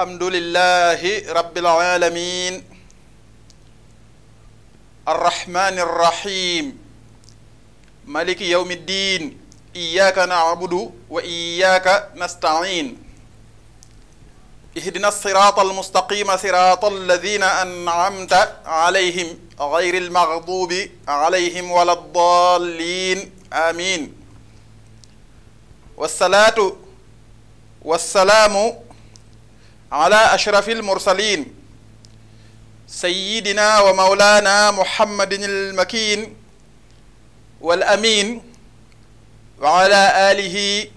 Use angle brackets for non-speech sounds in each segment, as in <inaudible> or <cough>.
alhamdulillahi rabbil alamin الرحمن الرحيم مالك يوم الدين إياك نعبد وإياك نستعين اهدنا الصراط المستقيم صراط الذين أنعمت عليهم غير المغضوب عليهم ولا الضالين آمين والصلاة والسلام ala ashrafil mursalin sayyidina wa mawlaana muhammadin al-makiin wal amiin wa ala aalihi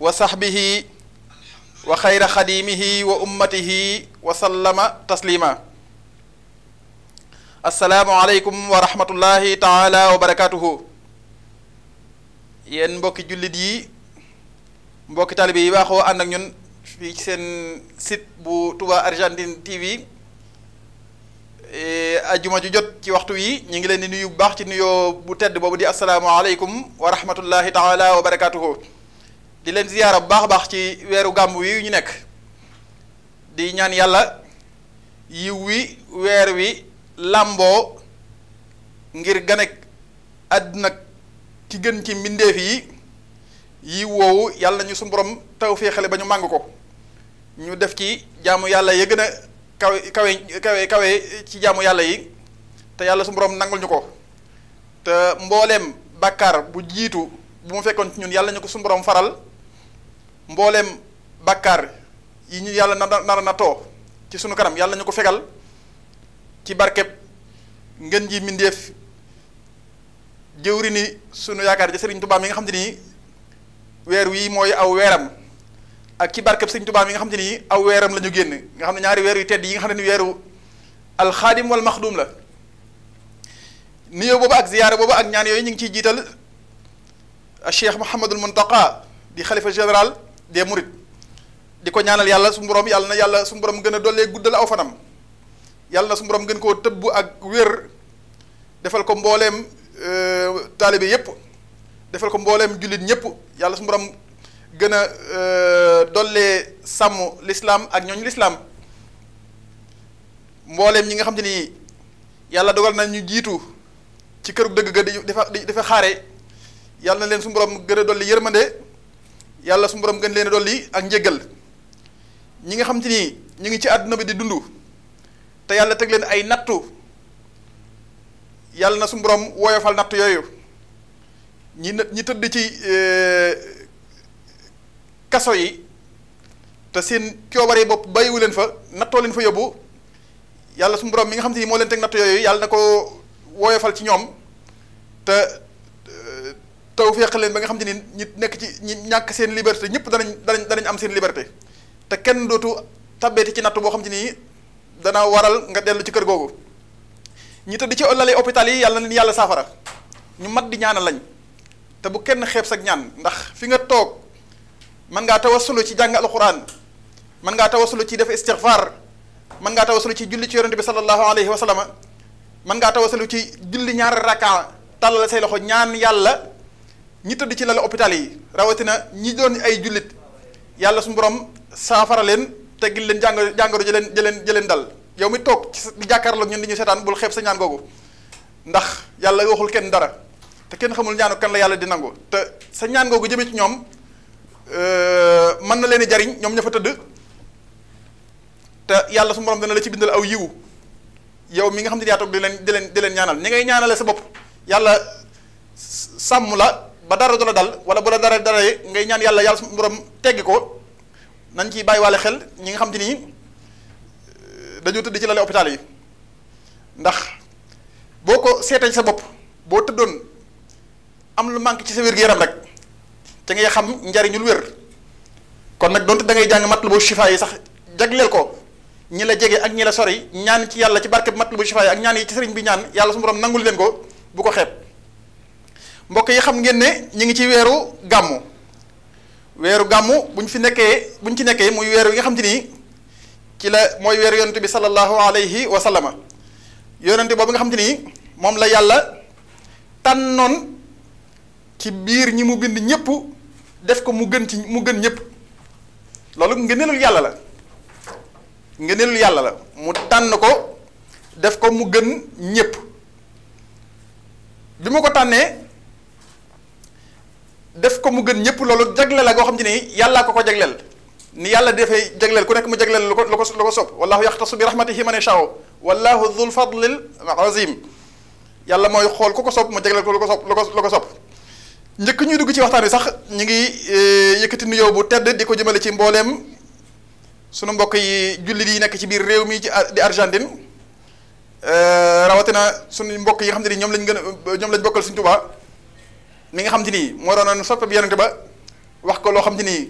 wa saxbihi wa xayra xadiimihi wa ummatihi wa sallama tasliima assalaamu aleykum wa rahmatullahi taala wa barakaatuhu yéen mbokki jullit yi mbokki talibe yi baaxoo ànd ak ñun. fii ci seen sit bu Touba Argentine TV eh, ajuma ju jot ci waxtu wi ñu ngi leen di nuyu bu baax ci nuyoo bu tedd boobu di asalaamaaleykum wa rahmatullahi taala wa di leen ziyaara bu baax a baax ci weeru gàmb wi ñu nekk di ñaan yàlla yiw wi weer wi làmboo ngir ganek àdduna ki gën ci mbindeef yi yiw woowu yàlla nañu suñu borom taw féexale ba ñu màng ko ñu def ci jaamu yàlla ya gën a kawe kawe kawe kawe ci jaamu yàlla yi te yàlla su borom nangul ñu ko te mbooleem bàkkaar bu jiitu bu mu fekkoon ci ñun yàlla ñu ko suñu faral mbooleem bàkkaar yi ñu yàlla na nar na too ci suñu kanam yàlla ñu ko fegal ci barkeb ngeen ji mbindéef jëwri ni sunu yaakaar ja Sëriñ Tuubaa mi nga xam te nii weer wii mooy aw weeram ak ci barkeb sëñ Tuubaa mi nga xam te ni aw weeram la génn nga xam ne ñaari weer yu tedd yi nga xam ne weeru alxaadim wal maxdum la nuyoo boobu ak ziyaara boobu ak ñaan yooyu ñu ngi ciy jiital Cheikh Mouhamadul Muntaqa di xalifa général de Mourides di ko ñaanal yàlla su borom yàlla na yàlla suñu borom gën a dollee guddal aw fanam yàlla na suñu koo tëbb ak wér defal ko mbooleem euh, taalibe yépp defal ko mbooleem jullit ñëpp yàlla suñu borom. gën a euh, dollee sàmm lislaam ak ñooñu lislaam mbooleem ñi nga xam te ni yàlla dogal na ñu jiitu ci këru dëgg dafa dafa xaare yàlla na leen su borom gën a dolli yërmande yàlla su borom gën leen a dolli ak njëggal ñi nga xam te ni ñu ngi ci àdduna bi di dund te yàlla teg leen ay nattu yàlla na su mboroom woyofal nattu yooyu ñi ñi tëdd ci euh, kaso yi te seen coobare bopp bàyyiwu leen fa nattoo leen fa yóbbu yàlla suñu borom mi nga xam te ni moo leen teg natt yooyu yàlla na ko woyofal ci ñoom te euh, taw feex leen ba nga xam te ni ñi nekk ci ñi ñàkk seen liberté ñëpp danañ danañ danañ am seen liberté te kenn dootu tabbeeti ci natt boo xam te ni dana waral nga dellu ci kër googu ñi tëdd ci lali hôpital yi yàlla na yàlla saafara ñu mat di ñaana lañ te bu kenn xeeb sag ñaan ndax fi nga toog. mën ngaa tawasulu ci jàng alquran mën ngaa tawasulu ci def istixfar mën ngaa tawasulu ci julli ci yonente bi sallallahu alayhi wa sallam mën ngaa tawasulu ci julli ñaari rakka tàllal say loxo ñaan yàlla ñi tëdd ci lal hôpital yi rawatina ñi doon ay jullit yàlla suñu borom saafara leen teggil leen jàngoro jàngoro jëleen jëleen jëleen dal yow mi toog ci di jàkkaarloog ñun di ñu seetaan bul xeeb sa ñaan googu ndax yàlla waxul kenn dara te kenn xamul ñaanu kan la yàlla di nangu te sa ñaan googu jëmee ci ñoom Euh, mën na leen jariñ ñoom ña fa tëdd te yàlla su borom dana la ci bindal aw yiwu yow mi nga xam ne yaa toog di leen di leen di leen ñaanal ñi ngay ñaanale sa bopp yàlla sàmm la ba dara du la dal wala bu la dara dara ngay ñaan yàlla yàlla su borom teggi ko nañ ciy bàyyiwaale xel ñi nga xam te ni euh, dañoo tëdd ci lale hôpital yi ndax boo ko seetee sa bopp boo tëddoon am lu manqué ci sa wér-gu-yaram rek. te ngay xam njariñul wér kon nag donte da ngay jàng matlabu shifa yi sax jagleel ko ñi la jege ak ñi la sori ñaan ci yàlla ci barke bi matlabu shifa yi ak ñaan yi ci sëriñ bi ñaan yàlla su borom nangul leen ko bu ko xeeb mbokk yi xam ngeen ne ñu ngi ci weeru gàmmu weeru gàmmu bu ñu fi nekkee bu ñu ci nekkee muy weer wi nga xam ni ci la mooy weeru yonent bi sallallahu alayhi wa sallama yonent boobu nga xam te ni moom la yàlla tànnoon ci biir ñi mu bind ñëpp. def ko mu gën ci mu gën ñëpp loolu ngëneelul yàlla la ngëneelul yàlla la mu tànn ko def ko mu gën ñépp bi mu ko tànnee def ko mu gën ñëpp loolu jagleel la goo xam ci ne yàllaa ko ko jagleel ni yàlla defee jagleel ku nekk mu jagleel lu ko lu ko lu ko sopp wallahu yaxtasu bi rahmatihi man yashaa wallahu dhul fadlil azim yàlla mooy xool ku ko sopp mu jagleel ko lu ko sopp lu ko lu njëkk ñuy dugg ci waxtaan wi sax ñu ngi eh, yëkkati yow bu tedd di ko jëmale ci mbooleem sunu mbokk yi jullit yi nekk ci biir réew mii ci di Argentine eh, rawatina sunu mbokk yi nga xam te ni ñoom lañ gën a ñoom lañ bokkal Sëriñ Tuubaa mi nga xam ni moo doonoon soppe bi yonente ba wax ko loo xam te ni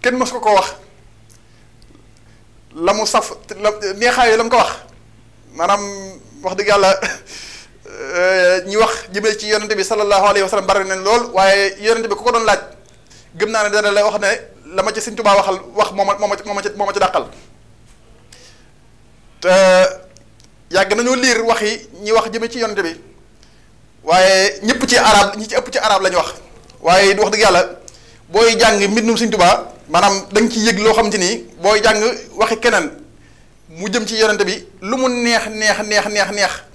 kenn mos ko ko wax la mu saf la neexaayu la mu ko wax maanaam wax dëgg yàlla <laughs> Euh, ñi wax jëmee ci yonente bi sallallahu alayhi wa sallam waaye yonente bi ku ko doon gëm naa ne dana la wax ne la ma ci Sëñ Tuubaa waxal wax moo ma moo ma moo ma ci moo ma ci dàqal te yàgg nañoo liir wax yi ñi wax jëme ci yonente bi waaye ñëpp ci arab ñi ci ëpp ci arab la ñu wax waaye wax dëgg yàlla booy jàng mbindum Sëñ Tuubaa maanaam da nga ciy yëg loo xam te ni booy jàng waxi keneen mu jëm ci yonente bi lu mu neex neex neex neex neex.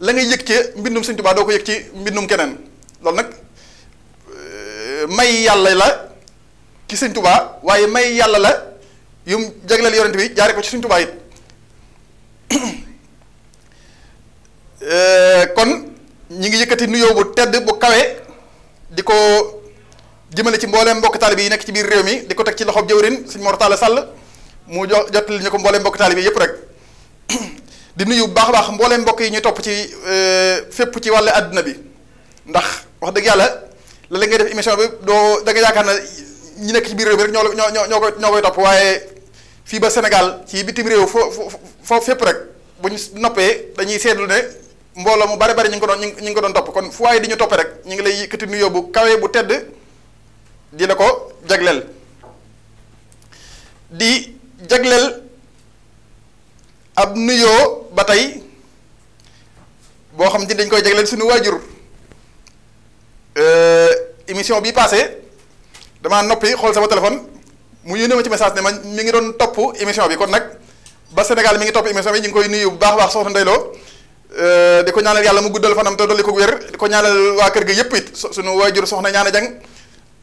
la ngay yëg ci mbindum Sëñ Tuubaa doo ko yëg ci mbindum keneen loolu nag euh, may yàlla la ki Sëñ Tuubaa waaye may yàlla la yum jagleel yonent bi jaare ko ci Sëñ Tuubaa it <coughs> euh, kon ñi ngi yëkkati nuyoo bu tedd bu kawe di ko jëmale ci mbooleem mbokk taalibe yi nekk ci biir réew mi di ko teg ci loxob jëwrin Sëñ Mor Talla Sall mu jox jottali ko mbooleem mbokk taalibe yi yëpp rek <coughs> di nuyu bu baax a baax mbooleem mbokk yi ñu topp ci euh, fépp ci wàllu àdduna bi ndax wax dëgg yàlla la la ngay def émission bi doo danga yaakaar na ñu nekk ci biir réew mi rek ñoo ñoo ñoo ñoo koy ñoo koy topp waaye fii ba Sénégal ci bitim réew foo foo fépp rek bu ñu noppee dañuy seetlu ne mbooloo mu bare bari ñu ngi ko doon ñu ngi ko doon topp kon fu waaye di ñu toppee rek ñu ngi lay yëkkati nuyoo bu kawee bu tedd di la ko jagleel di jagleel. ab nuyoo ba tey boo xam ne dañ koy jagleel suñu waajur euh, émission bi passé damaa noppi xool sama téléphone mu yónnee ma ci message ne ma mi ngi doon topp émission bi kon nag ba Sénégal mi ngi topp émission bi ñu ngi koy nuyu bu baax baax soxna Ndeye Lo euh, di ko ñaanal yàlla mu guddal fanam te dolli ko wér di ko ñaanal waa kër gi yëpp it suñu waajur soxna ñaana jang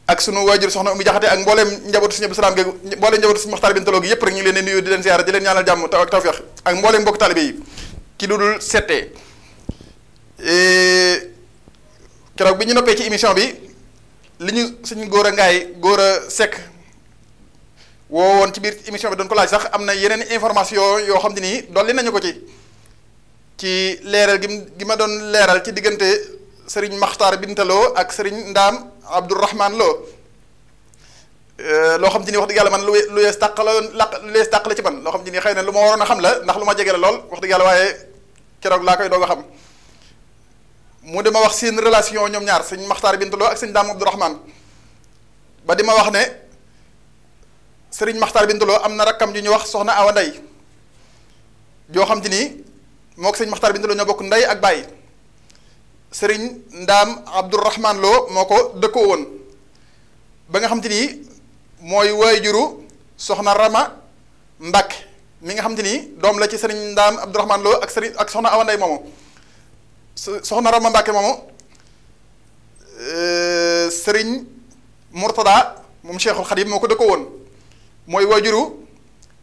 ak sunu waajur soxna Oumy Jaxate ak mbooleem njabootu suñu Abdu Salaam geegu mbooleem njabootu suñu Maxtaar Bintaloo gi yëpp rek ñu leen di nuyu di leen ziyaara di leen taw ak mbooleem mbokk taalibe yi ci lu dul settee e, keroog bi ñu noppee ci émission bi li ñu suñu góor a ngaay góor a sekk woo woon ci biir émission bi doon ko laaj sax am na yeneen information yoo xam ne nii dolli nañu ko ci ci leeral gi gi ma doon leeral ci diggante sëriñ Maxtaar Bintaloo ak sëriñ Ndaam Abdourahman Lo eh, loo xam te ni wax dëgg yàlla man lu lu yees tàq la lu yees tàq la ci man loo xam te ni xëy na lu ma waroon a xam la ndax lu ma jege la lool wax dëgg yàlla waaye keroog laa koy doog a xam mu dama wax seen relation ñoom ñaar sëñ Maxtaar Bintu Lo ak sëñ Daam Abdourahman ba di ma wax ne sëriñ Maxtaar Bintu Lo am na rakkam yu ñu wax soxna Awa Ndey joo xam te ni moo ko sëñ Maxtaar Bintu Lo ñoo bokk ndey ak bàyyi. sëriñ ndaam abdourahman loo moo ko dëkkoo woon ba nga xam te nii mooy waajuru soxna rama mbàkke mi nga xam te doom la ci sëriñ ndaam abdourahman ak sëriñ ak soxna awanday moomu soxna rama mbàkke euh, sëriñ murtada moom cheikhul xadim moo ko dëkkoo woon mooy waajuru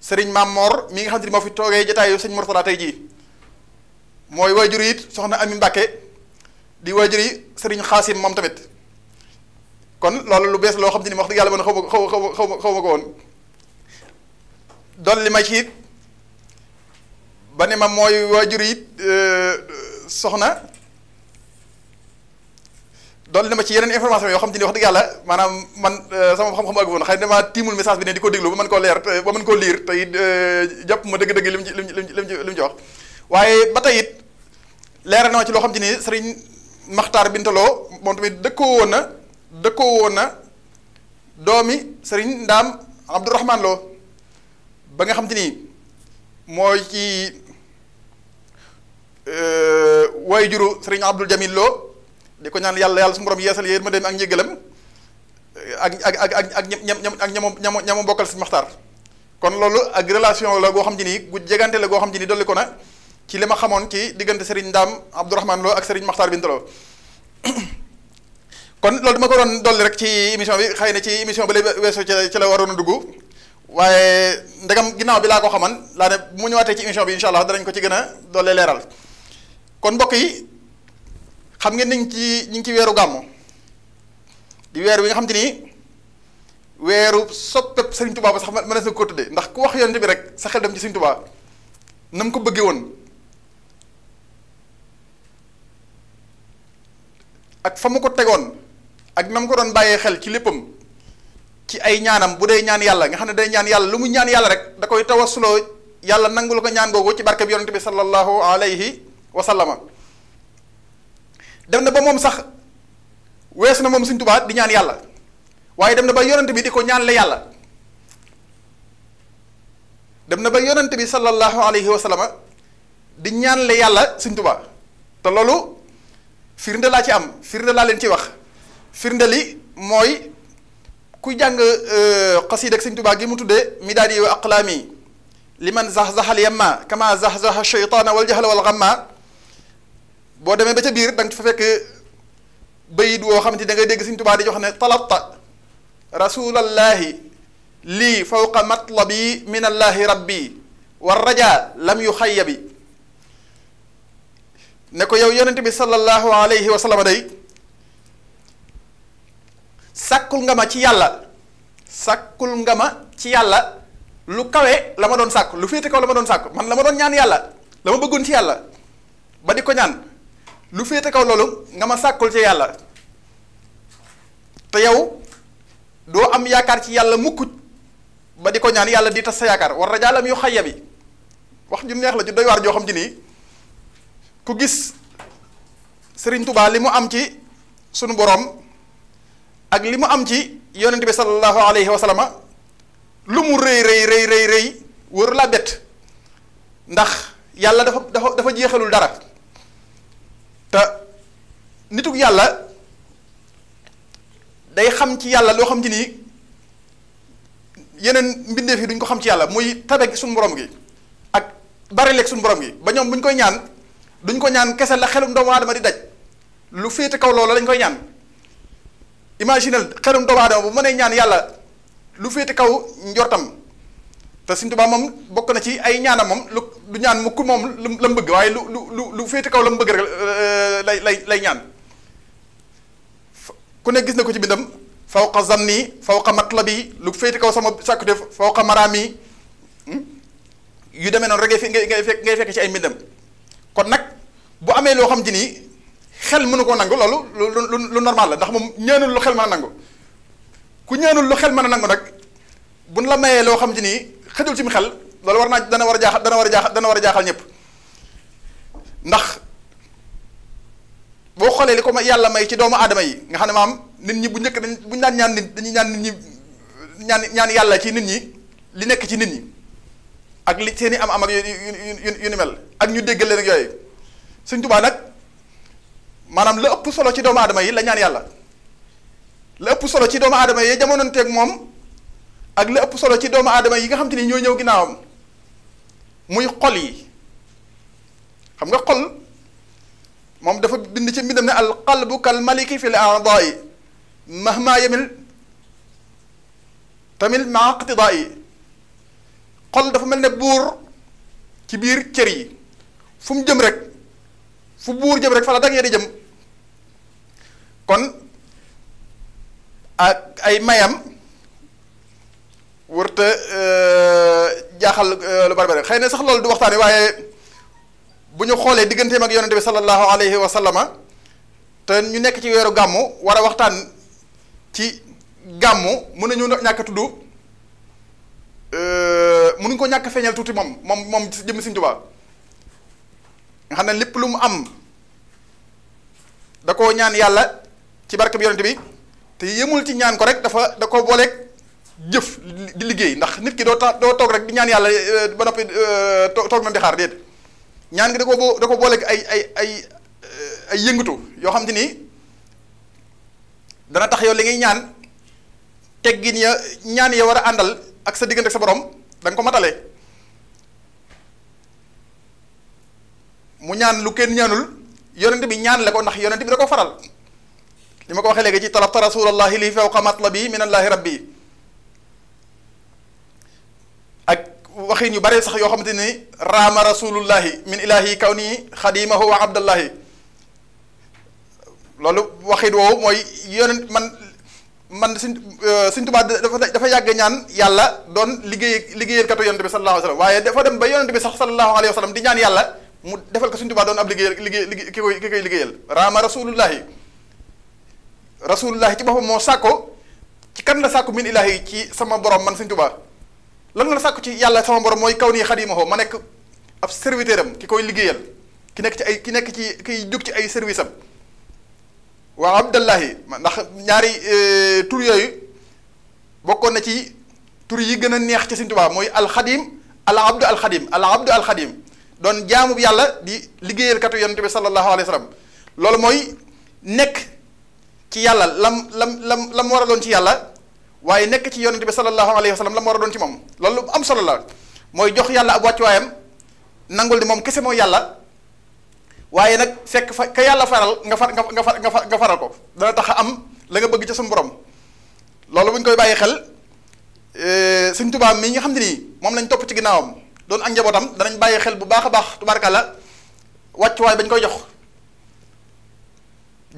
sëriñ maam moor mi nga xam te ni moo fi toogee jataayu sëriñ murtada tey jii mooy waajuru it soxna ami mbàkke di waajur yi sëriñ xaasim moom tamit kon loolu lu bees loo xam te ni wax dëgg yàlla man xaw ma xaw ma xaw ma xaw ma ko woon li ma ci it ba mooy waajur yi e, soxna doon li ma ci yoo xam te ni wax dëgg maanaam man e, sama xam-xam àggu woon xëy na damaa tiimul message bi ne di ko déglu ba mën koo leer te ba mën koo liir te it e, jàpp ma dëgg-dëgg li mu ci li waaye ba tey it na ma ci loo xam te ni sëriñ. maxtaar bintaloo moom tamit dëkkoo woon na dëkkoo woon na doomi sëriñ ndaam abdourahman loo ba nga xam te nii mooy ci euh, waaye juru sëriñ abdul jamil loo di ko ñaan yàlla yàlla su borom yeesal yéen ma dem ak njëgalam ak ak ak ak ak ñam ñam ak ñamu ñamu ñamu bokkal si maxtaar kon loolu ak relation la goo xam te nii gu jegante la goo xam te nii dolli ko na ci li ma xamoon ci diggante Serigne Ndam Abdourahmane Lo ak sëriñ Makhtar Binta Lo <coughs> kon loolu ma ko doon dolli rek ci émission bi xëy na ci émission bi lay weesoo ci la ci la waroon a dugg waaye ndegam ginnaaw bi laa ko xaman laa ne mu ñëwaatee ci émission bi incha allah danañ ko ci gën doole leeral kon mbokk yi xam ngeen ni ci ñu ngi ci weeru gàmmu di weer wi nga xam te ni weeru soppeeb Serigne Touba ba sax mënees na ko tudde ndax ku wax yonent bi rek sa xel dem ci Serigne Touba ko bëggee woon. ak fa mu ko tegoon ak na mu ko doon bàyyee xel ci léppam ci ay ñaanam bu dee ñaan yàlla nga xam ne day ñaan yàlla lu mu ñaan yàlla rek da koy tawasuloo yàlla nangul ko ñaan googu ci barke bi yonente bi sallallahu alayhi wa sallama na ba moom sax weesu na moom Sëñ di ñaan yàlla waaye dem na ba yonent bi di ko ñaan na ba yonent bi sallallahu alayhi wa yàlla Sëñ te loolu firnde laa ci am firnde laa leen ci wax firnde li mooy ku jàng euh, xasiida ak sëñ Tuubaa gi mu tuddee midaadi wa aqlaami liman zahzaha al yamma kama zahzaha sheytaana wal jahla wal ghamma boo demee ba ca biir da nga fa fekk bayit woo xamante ni da ngay dégg sëñ Tuubaa di wax ne talatta lii fawqa matlabi min allaahi rabbi wa raja lam yu xayya bi ne ko yow yonent bi sallallahu alayhi wa day sàkkul nga ma ci yàlla sàkkul nga ma ci yàlla lu kawe la ma doon sàkk lu féete kaw la ma doon sàkk man la ma doon ñaan yàlla la ma bëggoon ci yàlla ba di ko ñaan lu féete kaw loolu nga ma sàkkul ci yàlla te yow doo am yaakaar ci yàlla mukk ba di ko ñaan yàlla di tas sa yaakaar war rajaalam yu xayya bi wax ju neex la ju doy waar joo xam ji nii ku gis sëriñ Touba li mu am ci sunu borom ak li mu am ci yonent bi sallallahu alayhi wa sallam lu mu rëy rëy rëy rëy rëy wër laa bett ndax yàlla dafa dafa dafa jeexalul dara te nituk yàlla day xam ci yàlla loo xam ci nii yeneen mbindeef yi duñ ko xam ci yàlla muy tabeg suñu borom gi ak bari lekk suñu borom gi ba ñoom bu koy ñaan duñ ko ñaan kese la xelum doomu aadama di daj lu féete kaw loolu lañ koy ñaan imaginal xelum doomu aadama bu mënee ñaan yàlla lu féete kaw njortam te Sëñ Tuubaa moom bokk na ci ay ñaanam moom lu du ñaan mukk moom lu la mu bëgg waaye lu lu lu féete kaw la bëgg rek euh, lay lay lay ñaan ku ne gis na ko ci bindam fawqa zanni fawqa matlabi lu féete kaw sama sàkkuteef fawqa maraami hmm? yu demee noonu rek ngay fekk ngay fekk ci ay mbindam kon nag bu amee loo xam te ni xel mënu koo nangu loolu lu lu normal la ndax moom ñaanul lu xel mën a nangu ku ñaanul lu xel mën a nangu nag buñ la mayee loo xam te ni xëjul ci mu xel loolu war naa dana war a jaaxal dana war a jaaxal dana war a jaaxal ñëpp ndax boo xoolee li ko yàlla may ci doomu aadama yi nga xam ne maam nit ñi bu njëkk nañ bu ñu daan ñaan nit dañuy ñaan nit ñi ñaan ñaan yàlla ci nit ñi li nekk ci nit ñi ak li seen i am am ak yu yu yu ni mel ak ñu déggal leen ak yooyu. sëñ Tuubaa nag maanaam la ëpp solo ci doomu aadama yi la ñaan yàlla la ëpp solo ci doomu aadama yi jamononteeg moom ak la ëpp solo ci doomu aadama yi nga xam te ni ñoo ñëw ginnaawam muy xol yi xam nga xol moom dafa bind ci mbindam ne al qalbu kal maliki fi l a'daa'i mahma yamil tamil maa iqtidaa'i xol dafa mel ne buur ci biir cër yi fu mu jëm rek fu buur jëm rek fa la dag jëm kon ak ay mayam wërta euh, jaaxal euh, lu bari bari xëy na sax loolu du waxtaane waaye bu ñu xoolee digganteem ak yonente bi sallallahu alayhi wa sallama te ñu nekk ci weeru gàmmu war a waxtaan ci gàmmu mën nañu ñàkk a tudd euh, mënuñ ko ñàkk feeñal tuuti moom moom moom jëm Sëriñ Tuubaa nga xam ne lépp lu mu am da koo ñaan yàlla ci barke bi yonent bi te yëmul ci ñaan ko rek dafa da ko booleeg jëf di liggéey ndax nit ki doo ta doo toog rek di ñaan yàlla eh, ba noppi eh, toog na di xaar déet ñaan gi da ko boo da ko booleeg ay ay ay eh, ay yëngatu yoo xam te ni dana tax yow li ngay ñaan teggin ya ñaan ya war a àndal ak sa diggante ak sa borom da ko matale mu ñaan lu kenn ñaanul yonent bi ñaan la ko ndax yonent bi da ko faral li ma ko waxee léegi ci talabta rasulallahi li fawqa matlabi minallahi rabbi ak waxin yu bare sax yoo xamante ni raama rasulullahi min ilahi kawni xadimahu wa abdallahi loolu waxin woowu mooy yonent man man suñ euh, suñ tubaab dafa dafa yàgg ñaan yàlla doon liggéey liggéeyal katu yonent bi sallallahu alayhi wa waaye dafa dem ba yonent bi sax sallallahu alayhi wa di ñaan yàlla mu defal ko Sëñ Tuubaa doon ab liggéeyal liggéey ki koy ki koy liggéeyal raama rasulullahi rasulullahi ci boppam moo sàkko ci kan la sàkku min ilaahi ci sama borom man Sëñ Tuubaa lan la sàkku ci yàlla sama borom mooy kaw nii xadimaho ma nekk ab serviteur am ki koy liggéeyal ki nekk ci ay ki nekk ci kiy jug ci ay service am waaw abdallahi ndax ñaari e, tur yooyu bokkoon na ci tur yi gën a neex ci Sëñ Tuubaa mooy alxadim al abdu alxadim al abdu alxadim doon jaamub yàlla di liggéeyal katu yonent bi sallallahu alayhi wa sallam loolu mooy nekk ci yàlla lam lam lam lam war a doon ci yàlla waaye nekk ci yonent bi sallallahu alayhi wa sallam lam war a doon ci moom loolu am solo la mooy jox yàlla ab wàccuwaayam nangul di moom kese mooy yàlla waaye nag fekk fa ka yàlla faral nga far nga far nga faral ko dana tax a am la nga bëgg ci suñu borom loolu bu ñu koy bàyyi xel eh, Sëñ Tuubaa mi nga xam ne nii moom lañ topp ci ginnaawam. doon ak njabootam danañ bàyyi xel bu baax a baax tubaarkàlla wàccuwaay bañ koy jox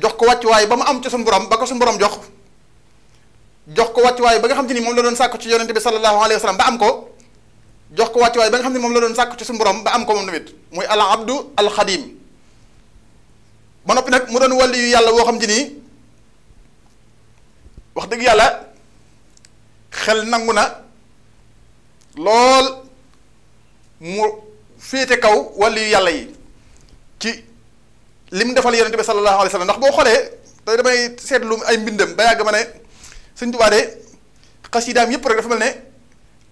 jox ko wàccuwaay ba mu am ci suñu borom ba ko suñu jox jox ko wàccuwaay ba nga xam te ni moom la doon sàkku ci yonente bi sallallahu alayhi wa ba am ko jox ko wàccuwaay ba xam ne moom la doon sàkku ci suñu borom am ko moom tamit muy al abdu al xadim ba noppi nag mu doon wàlli yu yàlla woo xam te ni wax dëgg yàlla xel nangu na lool. mu féete kaw wàllu yàlla yi ci li mu defal yonent bi sallallahu alayhi wa ndax boo xoolee te damay seetlu ay mbindam ba yàgg ma ne Sëñ Tuubaa de xasidaam yëpp rek dafa mel ne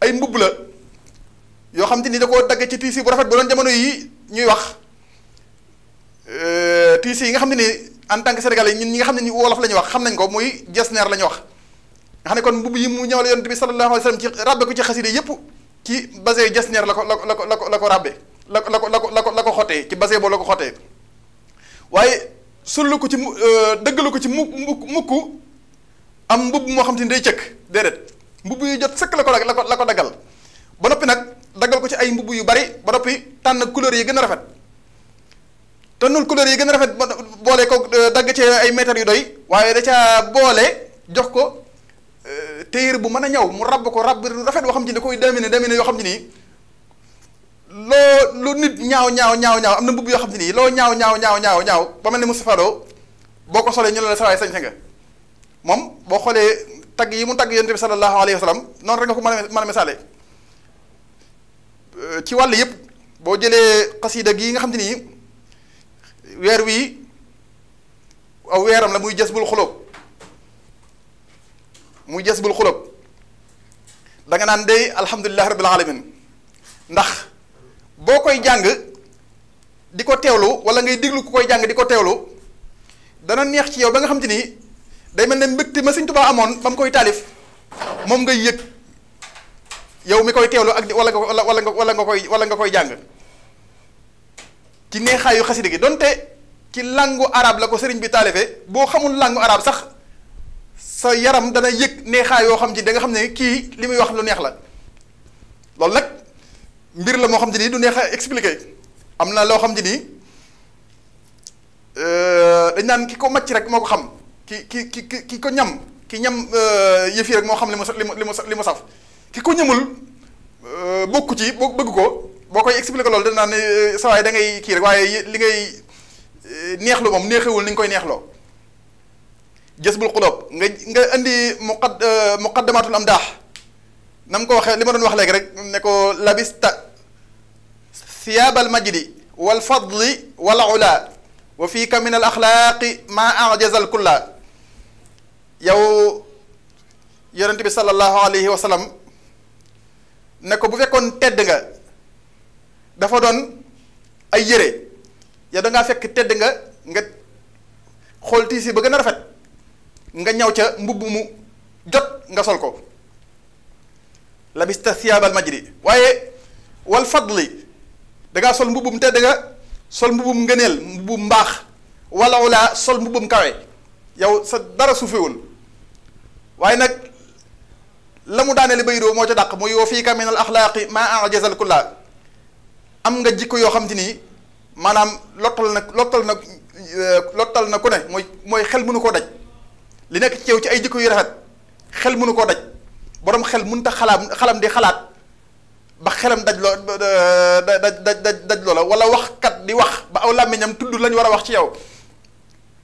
ay mbubb la yoo xam te ni da koo dagg ci tiisi bu rafet bu doon jamono yi ñuy wax euh, tiisi nga xam ne ni en tant que sénégalais ñun ñi nga xam ne ni wolof la ñuy wax xam nañ ko muy jesneer la ñuy wax nga xam ne kon mbubb yi mu ñëwal yonent bi sallallahu alayhi wa ci ràbbe ko ci yëpp ci basé jasneer la ko la ko la ko la ko ràbbe la ko la ko la ko la ko la ko xotee ci basé boobu la ko xotee waaye sullu ko ci mu dëggalu ko ci mu mukk am mbubb moo xam te ni day cëkk déedéet mbubb yu jot sëkk la ko la ko la ko daggal ba noppi nag daggal ko ci ay mbubb yu bari ba noppi tànn couleur yi gën a rafet tànnul couleur yi gën a rafet boole ko dagg ci ay mètres yu doy waaye da ca boole jox ko. téyër bu mën a ñaw mu ràbb ko rab rafet boo xam ci ne da koy demine demine yoo xam ci nii loo lu nit ñaaw ñaaw ñaaw ñaaw am na mbubb yoo xam ci nii loo ñaaw ñaaw ñaaw ñaaw ñaaw ba mel ni Moustapha Lo boo ko solee ñu ne la sawaay sañ nga moom boo xoolee tagg yi mu tagg yonent bi sallallahu alayhi wa sallam noonu rek nga ko man a mën euh, ci wàll yëpp boo jëlee xasida gii nga xam te ni weer wii aw weeram la muy jës bul xulóob muy jasbul xulóob da nga naan day alhamdulilah rabbil alamin ndax boo koy jàng di ko teewlu wala ngay déglu ku koy jàng di ko teewlu dana neex ci yow ba nga xam ni day mel ne mbégte ma Sëñ Tuubaa amoon ba mu koy taalif moom ngay yëg yow mi koy teewlu ak wala nga wala nga wala nga koy wala nga koy jàng ci neexaayu xasida gi donte ci langue arabe la ko sëriñ bi taalife boo xamul langue araab sax. sa yaram dana yëg neexaay yoo xam ci da nga xam ne kii li muy wax lu neex la loolu nag mbir la moo xam te ni du neex expliquer am na loo xam te ni euh, dañ naan ki ko màcc rek moo ko xam ki ki ki ki ko ñam ki ñam euh, yëf yi rek moo xam li mu li mu li mu saf ki ko ñamul euh, bokku ci boo bëgg ko boo koy expliquer loolu dañ naan ne saa da ngay kii rek waaye li ngay neex lu moom neexewul ni nga koy neex loo jësbul xuloob nga nga indi muqad euh, muqaddamatul am daax na ko waxee li ma doon wax léegi rek ne ko labista siyaabal majdi wal fadli wal ula wa fiika min al axlaaqi ma ajazal kulla yow yonent bi sallallahu alayhi wa sallam ne ko bu fekkoon tedd nga dafa doon ay yére yow da fekk tedd nga nga xool tiis ba gën a rafet nga ñaw ca mbubb mu jot nga sol ko labista siyaabal majdi waaye wal fadli dangaa sol mbubbum tedd nga sol mbubbum ngëneel mbubbum mbaax wala wala sol mbubbum kawe yow sa dara suufewul waaye nag la mu daaneel bay doo moo ca dàq muy wa fiika min al axlaaqi ma ajazal kulla am nga jikko yoo xam te nii maanaam lottal na lottal na lottal na ku ne mooy mooy xel mënu koo daj li nekk ci yow ci ay jikko yu rafet xel mënu koo daj borom xel mënut a xalaat xalam di xalaat ba xelam daj loo daj daj daj loola wala waxkat di wax ba aw làmmiñam tudd lañ war a wax ci yow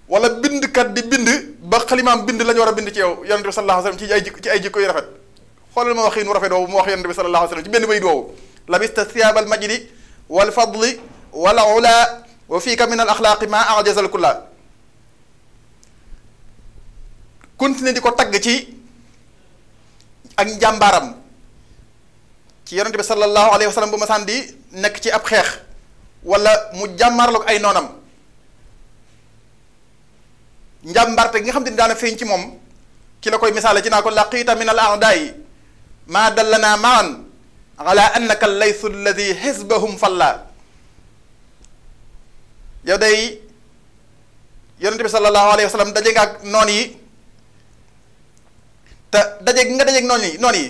wala bindkat di bind ba xalimaam bind lañ war a bind ci yow yonent bi sallallahu alayhi wasallam ci ay jikko ci ay jikko yu rafet xoolal ma waxiinu rafet woowu mu wax yonent bi sallallahu alayhi wasallam ci benn bayit woowu labista siyaabal majdi wal fadli wal ula wa fiika min al axlaaqi ma ajazal kulla continuer di ko tagg ci ak njàmbaaram ci yonente bi sallallahu alayhi wa bu ma sànn di nekk ci ab xeex wala mu jàmmaarloog ay noonam njàmbaarte te nga xam te ni daana feeñ ci moom ki la koy misaale ci naa ko laqiita min al a'daa'i maa dallanaa maan ala annaka laysu alladi xisbahum falla yow day yonente bi sallallahu alayhi wa daje nga ak noon yi te dajeeg nga dajeeg noon yi noonu yi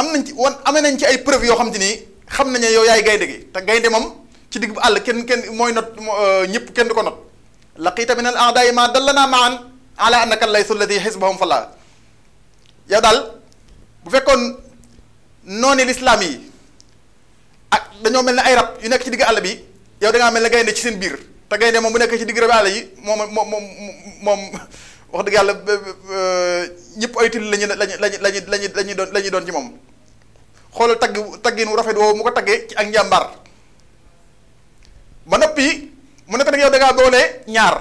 am nañ ci wan am nañ ci ay preuve yoo xam te ni xam nañ yow yaay gaynde gi te gaynde moom ci digg àll kenn kenn mooy not euh, ñëpp kenn du ko not laqiita min al a'daa'i maa dallanaa ma'an ala annaka allaysu alladi xisbahum fala yow daal bu fekkoon noonu lislaam yi ak dañoo mel ne ay rab yu nekk ci digg àll bi yow da mel ne gaynde ci seen biir te gaynde moom bu nekk ci digg rab àll yi moom moom moom moom wax dëgg yàlla euh, euh, ñëpp ay til lañu lañu lañu lañu lañu lañu doon la doon ci moom xoolal tagg taggin wu rafet woowu mu ko taggee ci ak njàmbaar ba noppi mu nekk nag yow da ngaa ñaar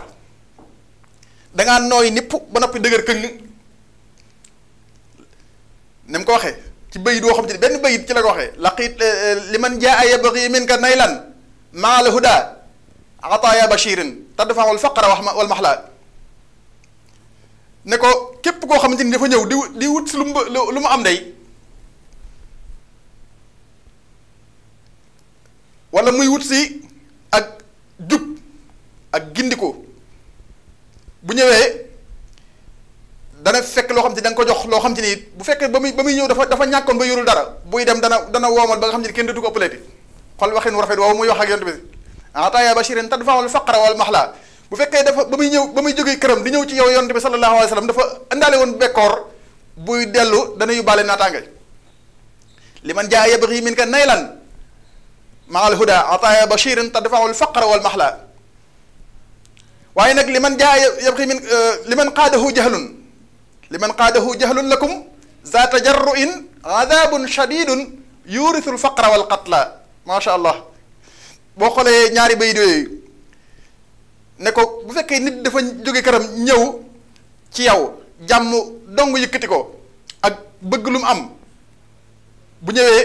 da nooy nipp ba noppi dëgër këng ni mu ko waxee ci bayit woo xam ci benn bayit ci la ko waxee laqit euh, li man jaa yabghi minka naylan maa al huda ataaya bashirin tadfaul faqra wal maxlaa ne ko képp koo xamante ni dafa ñëw di di wut si lu mu lu mu am day walla muy wut si ak jub ak gindiko bu ñëwee dana fekk loo xam te da ko jox loo xam te ni bu fekkee ba muy ba muy ñëw dafa dafa ñàkkoon ba yorul dara buy dem dana dana woomal ba nga xam ne kenn du ko ëppaleeti xol waxin wu rafet woowu muy wax ak yonent bi ataaya bashirin tadfa'u al faqra wal mahla bu fekkee dafa ba muy ñëw ba muy jógee këram di ñëw ci yow yonent bi sallallahu alayhi wa sallam dafa indaale woon bekkoor buy dellu dana yóbbaale naataange li man jaa yabghi min ka naylan maa al huda euh, ataaya bashirin tadfa'u al faqra wal mahla waaye nag li man jaa yabghi min li man qaadahu jahlun li man qaadahu jahlun lakum za tajarru'in adabun shadidun yurithu al faqra wal qatla macha allah boo xoolee ñaari bayit yooyu ne ko bu fekkee nit dafa jóge këram ñëw ci yow jàmm dong yëkkati ko ak bëgg lu am bu ñëwee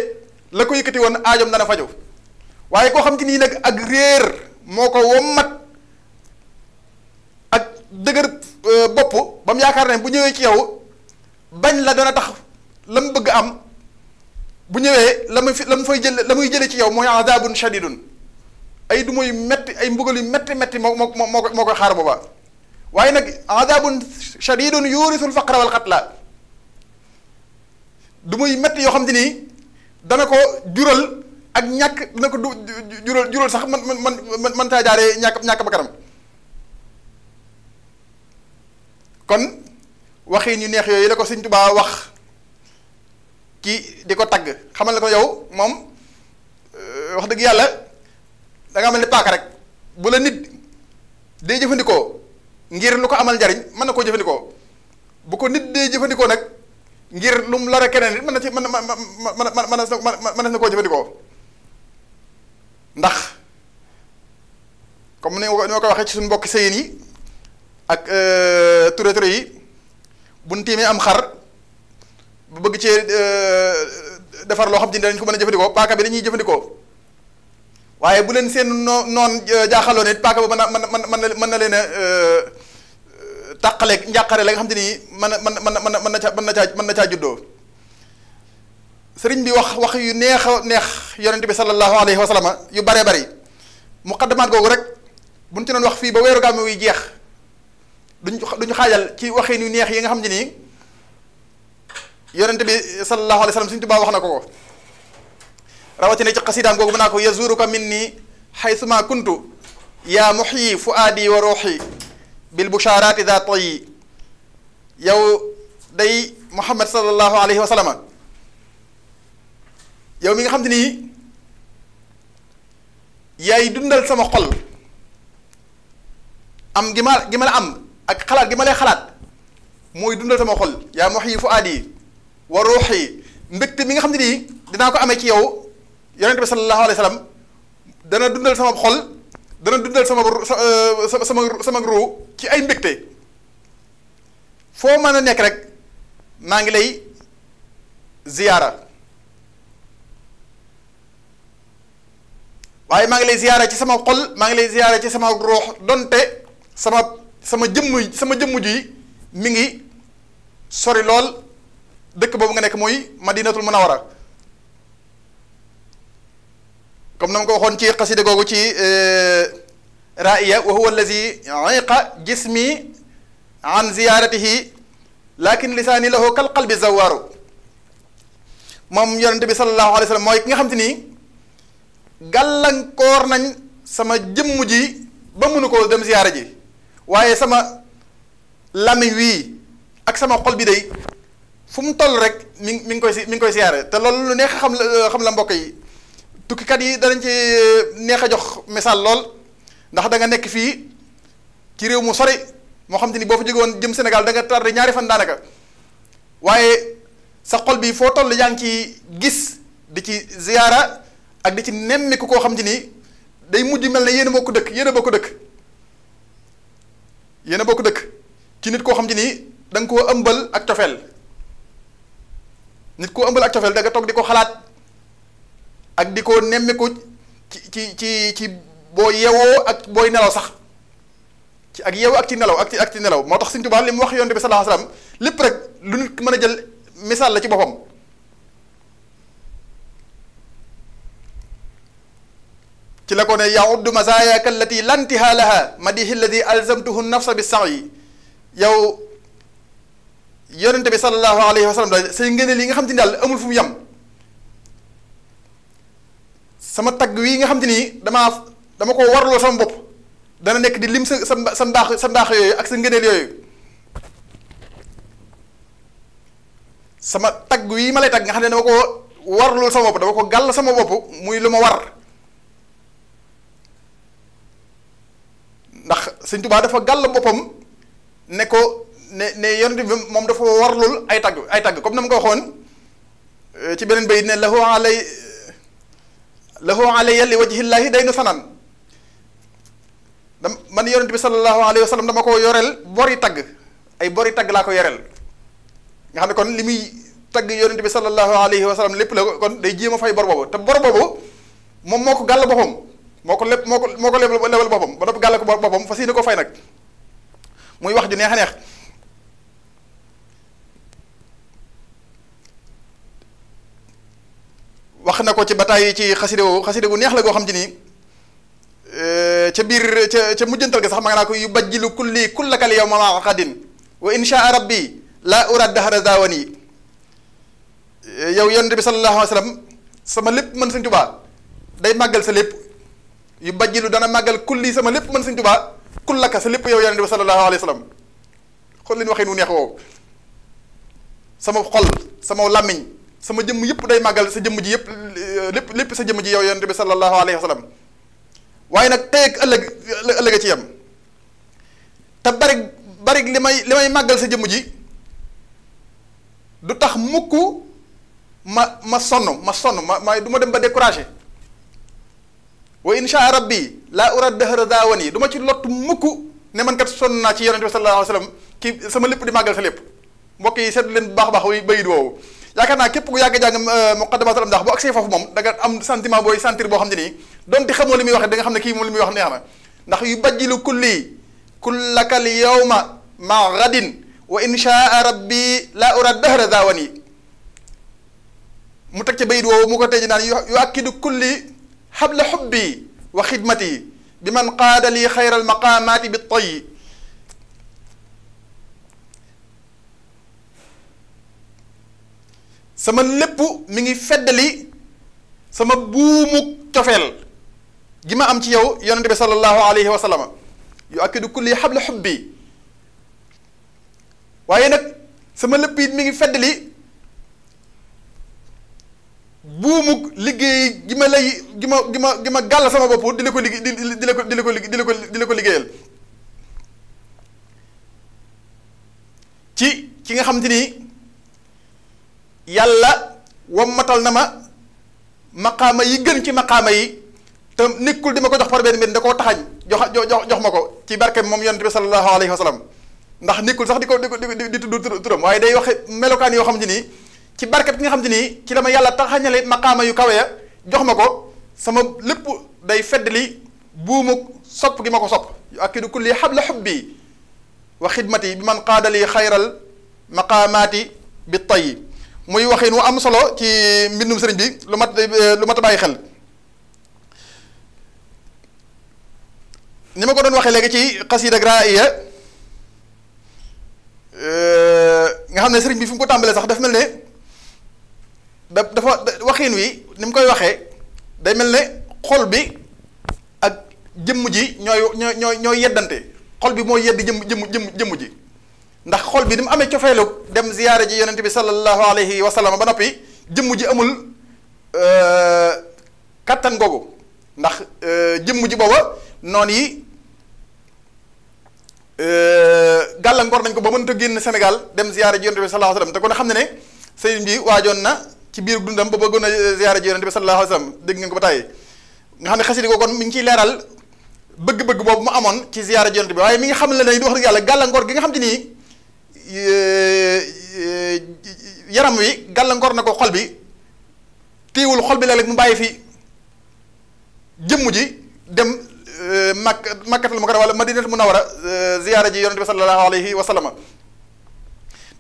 la ko yëkkati woon aajom dana faju waaye koo xam ci nii nag ak réer moo ko wommat ak dëgër euh, bopp ba mu yaakaar ne bu ñëwee ci yow bañ la doona tax la mu bëgg am bu ñëwee la mu fi la mu fay jël la muy jële ci yow mooy azabun shadidun ay duma yu metti ay mbugal yu metti metti moo moo moo moo koy xaar boobaa waaye nag adabun shadidun yuurisul faqra wal xatla duma yu metti yoo xam te nii dana ko jural ak ñàkk dana ko du jural jural sax man man man man taa jaaree ñàkk ñàkk ba kanam kon waxiin yu neex yooyu la ko Sëñ Tuubaa wax ki di ko tagg xamal ne ko yow moom euh, wax dëgg yàlla da nga mel ni paaka rek bu la nit day jëfandikoo ngir lu ko amal njariñ mën na koo jëfandikoo bu ko nit day jëfandikoo nag ngir lu mu lara keneen nit mën na ci mën na mën na mën na koo jëfandikoo ndax comme ni ma ko waxee ci suñu mbokk sëyin yi ak ture ture yi bu ñu tiimee am xar bu bëgg cee defar loo xam ci dañ ko mën a jëfandikoo paaka bi dañuy jëfandikoo waaye bu leen seen noo noon jaaxaloon it paaka ba mën a mën mën na mën na leen a euh, euh, tàqaleeg njàqare la xam te nii mën mën mën mën mën na caa mën na caa mën na caa juddoo sëriñ bi wax wax yu neex a neex yonente bi sallallahu alayhi wa sallam yu baree bari muqaddimaat googu rek buñ ci doon wax fii ba weeru gàmmu wi jeex duñ duñu xaajal ci waxin yu neex yi nga xam te nii yonente bi sallallahu alayhi wa sallam Sëriñ Tuubaa wax na ko ko rawatina ci xasidaam googu naa ko yazuruka minni xaysuma kuntu yaa muxyi fuaadi wa ruuxi bil bushaaraati daa toyi yow day muhammad sallallahu alayhi wa sallam yow mi nga xam te nii yaay dundal sama xol am gi ma am ak xalaat gi ma lay xalaat mooy dundal sama xol yaa muxyi fuaadi wa ruuxi mbégte mi nga xam te nii dinaa ko amee ci yow yonent bi sallallahu alayhi wa dana dundal sama xol dana dundal sama euh, sama sama sama ci ay mbégte foo mën a nekk rek maa ngi lay ziyaara waaye maa ngi lay ziyaara ci sama xol maa ngi lay ziyaara ci sama ruux donte sama sama jëmm sama jëmm ji mi ngi sori lool dëkk boobu nga nekk muy madinatul munawara comme na ma ko waxoon ci xasida googu ci euh, raiya wa huwa allazi iqa jismi an ziyaratihi lakin lisaani lahu kal qalbi zawaaru moom yonente bi sallallahu nga xam te nii gàllankoor nañ sama jëmm ji ba mënu koo ji waaye sama lami wii ak sama xol bi day fu mu toll rek mi mi ngi koy si mi ngi koy siyaare te lool lu neex xam la xam la mbokk yi tukkikat yi danañ ci euh, neex a jox messal lool ndax danga nekk fii ci réew mu sore moo xam te ni boo fa jóge jëm senegal da nga tardé ñaari fan daanaka waaye sa xol bi foo toll yaa ngi ci gis di ci ziyaara ak di ci nemmiku koo xam te ni day mujj mel ne yéen a bokk dëkk yéen a bokk dëkk yéen a bokk dëkk ci nit koo xam te ni danga nga koo ëmbal ak cofeel nit koo ëmbal ak cofeel da nga toog di ko xalaat. ak di ko nemmiku ci ci ci ci boo yewoo ak booy nelaw sax ci ak yeewu ak ci nelaw ak ci ak ci nelaw moo tax Sëñ Tuubaa li mu wax yonent bi sallallahu lépp rek lu mën a jël misaal la ci boppam ci la ko ne yauddu masaaya kallati sax yi yow yonent bi sallallahu alayhi wasallam daal say ngëneel yi nga xam te ni amul fu mu yem sama tagg wi nga xam te nii damaa dama ko warloo sama bopp dana nekk di lim sa sa sa ndaax sa ndaax yooyu ak sa ngëneel yooyu sama tagg wi ma lay tagg nga xam ne dama ko warloo sama bopp dama gàll sama bopp muy lu ma war ndax sëñ Tuubaa dafa gàll boppam ne ko ne ne yonent moom dafa warlul ay tagg ay tagg comme na ma ko waxoon eh, ci beneen bayit ne la alay lahu alayya li wajhillaahi day nu fanaan dam man yonent bi sallallahu alayhi wa sallam dama ko yoreel bori tagg ay bori tagg laa ko yoreel nga xam ne kon li muy tagg yonent bi sallallahu alayhi wa sallam lépp la ko kon day jéem a fay bor boobu te bor boobu moom moo ko gàll boppam moo ko lépp moo ko moo ko lebal boppam ba noppi gàll ko boppam fas yéene ko fay nag muy wax ju neex a wax na ko ci bataay yi ci xaside woowu xaside gu neex la goo xam ci nii eh, ca biir ca ca mujjantal ga sax ma nga naa ko yu bajjilu kulli kullakal yow mama xadin wa insha eh, yow yonent bi sallallahu wa sallam sama lépp mën Sëñ Tuubaa day màggal sa lépp yu bajjilu dana màggal kulli sama lépp mën Sëñ Tuubaa kullaka sa lépp yow yonent bi sallallahu alayhi wa sallam xool li ñu waxee nu neex woowu sama xol sama làmmiñ sama jëmm yëpp day màggal sa jëmm ji yépp lépp lépp sa jëmm ji yow yonent bi sallallahu alayhi wa sallam waaye nag tey ak ëllëg ëllëg a ci yem te bari bari li may li may màggal sa jëmm ji du tax mukk ma ma sonn ma sonn ma ma duma dem ba découragé wa insha rabbi laa ura dahra daawan yi du ma ci lott mukk ne man kat sonn naa ci yonent bi sallallahu alayhi wa sallam ki sama lépp di màggal sa lépp mbokk yi seetlu leen bu baax a baax bay bayit woowu yaakaar naa képp ku yàgg a jàng euh, muqaddamatul am ndax boo agsee foofu moom da nga am sentiment booy sentir boo xam ne nii donte xamoo li muy wax da nga xam ne kii moom li muy wax neex na ndax yu bajjilu kulli kullakal yawma ma radin wa inshaa rabbi la ura dahra zawan yi mu teg ca bayit woowu mu ko tey ji naan yu akkidu kulli habla hubbi wa xidmati bi man qaada li xayra almaqaamaati bi toyyi sama lépp mi ngi feddali sama buumuk cofeel gi ma am ci yow yonente bi sallallahu alayhi wa sallama yu akkidu kulli xabla xubbi waaye nag sama lépp it mi ngi feddali buumug liggéey gi ma lay gi ma gi ma gi ma gàll sama bopp di la ko liggéey di la ko di la ko liggéeyal ci ki nga xam te ni yàlla wammatal na ma maqaama yi gën ci maqaama yi te nekkul di ma ko jox par benn mbir da koo taxañ jox jox jox ma ko ci barke moom yonent bi sallallahu alayhi wa sallam ndax nekkul sax di ko di ko di tudd turam waaye day wax melokaan yoo xam ne nii ci barke bi nga xam ne nii ci la ma yàlla taxañale maqaama yu kawe ya jox ma ko sama lépp day feddali buumu sopp gi ma ko sopp akidu kulli xabla xubbi wa xidmati bi man qaadali xayral maqaamaati bi tayib muy waxin wu am solo ci mbindum sëriñ bi lu mat eh, lu mat a bàyyi xel ni ma ko doon waxee léegi ci xasida ak raaya eh, nga xam ne sëriñ bi fi mu ko tàmbalee sax daf mel ne da dafa waxin wi ni mu koy waxee day mel ne xol bi ak jëmm ji ñooy ñooy ñooy yeddante xol bi mooy yedd jëmm jëmm jëmm jëmm ji ndax xol bi ni mu amee cofeelu dem ziyaare ji yonent bi sallallahu alayhi wa sallam ba noppi jëmm ji amul euh, kattan googu ndax euh, jëmm ji booba noon yi euh, gàllankoor nañ ko ba mënta génn Sénégal dem ziyaare ji yonent bi sallallahu alayhi wa sallam te kon xam ne ne sëriñ bi waajoon na ci biir dundam ba bëggoon a ziyaare ji yonent bi sallallahu alayhi wa dégg ko ba nga xam ne xasida ko kon mi ngi ci leeral bëgg-bëgg boobu mu amoon ci ziyaare ji yonent bi waaye mi ngi xam ne ne di wax gàllankoor gi nga xam te nii yaram wi gàllankoor na ko xol bi téewul xol bi la léeg mu bàyyi fi jëmm ji dem euh, mak makkatal mukarrama wala madinatu munawwara euh, ziyaara ji yonent bi sallallahu alayhi wa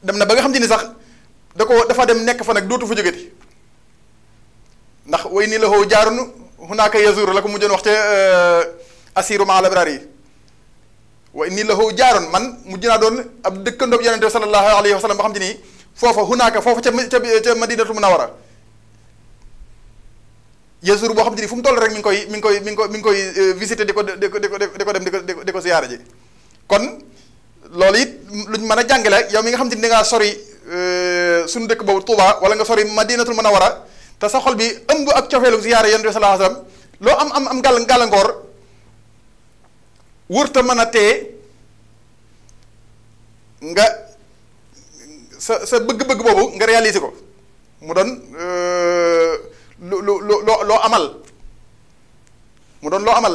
dem na ba nga xam te ni sax da ko dafa dem nekk fa nag dootu fa jógeti ndax way nii la xoo jaarun hunaaka yazur la ko mujjoon wax ca euh, asiru ma al yi waaye nii inni lahu jaaroon man mu naa doon ab dëkkandoob yonente bi sallallahu alayhi wa sallam ba xam te ni foofa hunaaka foofa ca ca ca madinatu munawara yasur boo xam te ni fu mu toll rek mi ngi koy mi ngi koy mi ngi koy mi ngi koy euh, visité di ko di ko di ko loolu it luñ mën a jàngale yow mi nga xam te ni da ngaa sori euh, suñu dëkk boobu Touba wala nga sori madinatul munawara te sa xol bi ëmb ak cofeelu siyaara yonente bi sallallahu alayhi wa sallam loo am am am gàll gàllankoor wërta mën a téye nga sa sa bëgg-bëgg boobu nga réaliser ko mu doon euh, lu loo loo amal mu doon loo amal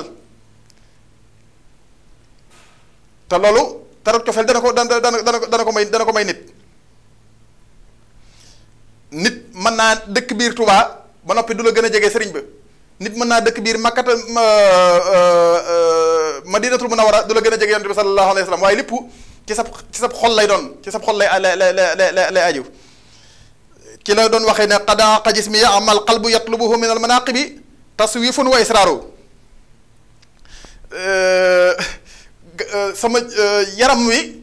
te loolu tarab cofeel dana ko dana dana ko ko may dana nit nit mën naa dëkk biir Tuubaa ba noppi du la gën a jege sëriñ bi nit mën naa dëkk biir Makkata. Euh, euh, madinatul munawara du la gën a jege yonent bi sallallahu alayhi wa sallam waaye lépp ci sab ci sab xol lay doon ci sab xol lay lay lay lay aju ki la doon waxee ne qadaaqa jismi ya amal qalbu bi min al manaqibi taswifun wa israaru sama yaram wi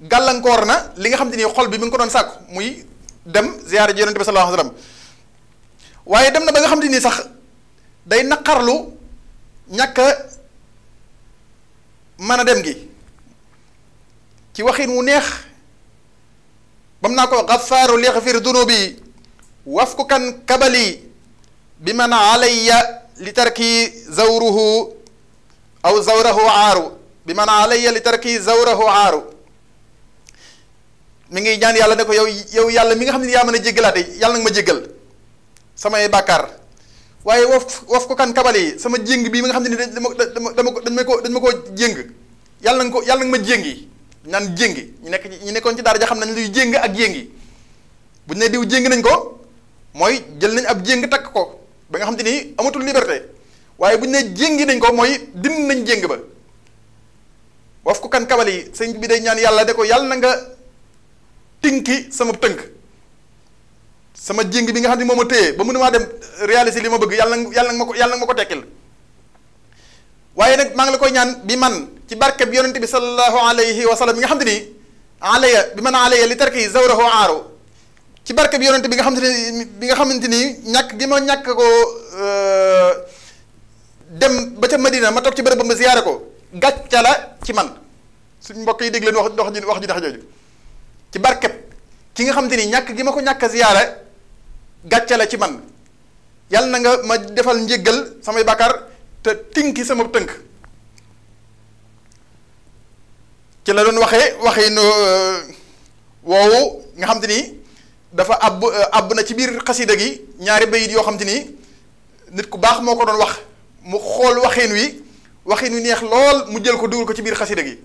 gàllankoor na li nga xam te ni xol bi mi ngi ko doon sàkku muy dem ziyaare ji yonent bi sallallahu alayhi a sallam waaye dem na ba nga xam te ni sax day naqarlu ñàkk mën a dem gi ci waxiin wu neex bam naa ko xafaaru lixfir dunubi waf ku kan kabali bi man alayya li tarki zawruhu aw zawrahu aaru bi man alayya li tarki zawrahu aaru mi ngi ñaan yàlla ne ko yow yow yàlla mi nga xam ne yaa mën a jéggalaate yàlla nag ma jéggal samay bàkkaar waaye woof waf ko kan kabale yi sama jéng bii mi nga xam ne dama dama dama dañ ma ko dañ ma koo jéng yàlla ko yàlla ma jéngi naan jéngi ñu nekk ñu nekkoon ci daara ja xam nañ luy jéng ak jéngi bu ne diw jéng nañ ko mooy jël nañ ab jéng takk ko ba nga xam te ni amatul liberté waaye bu ne jéngi nañ ko mooy dind nañ jéng ba woof ko kan kabale yi bi day ñaan yàlla de yàlla na nga tinki sama tënk sama jéng bi nga xam ne moom a téye ba mënumaa dem réaliser li ma bëgg yàlla na yàlla ma ko yàlla ko tekkil waaye nag maa ngi la koy ñaan bi man ci barke bi yonente bi sallallahu alayhi wa sallam bi nga xam te ni alaya bi man li tarki zawrahu aaru ci barke bi bi nga xam te ni bi nga xamante ni ñàkk gi ma ñàkk ko euh, dem ba ca Madina ma toog ci bërëb ba ma ziyaare ko gàcca la ci man suñ mbokk yi dégg leen wax wax ji wax ji tax ci barkeb ki nga xam ni ñàkk gi ma ko ñàkk a ziyaare gàcce la ci man yàlla na nga ma defal njéggal samay bàkkaar te tinki sama tënk ci la doon waxee waxee euh, no woowu nga xam te ni dafa àbb euh, àbb na ci biir xasida gi ñaari bayit yoo xam te ni nit ku baax moo ko doon wax mu xool waxin wi waxin wi neex lool mu jël ko dugal ko ci biir xasida gi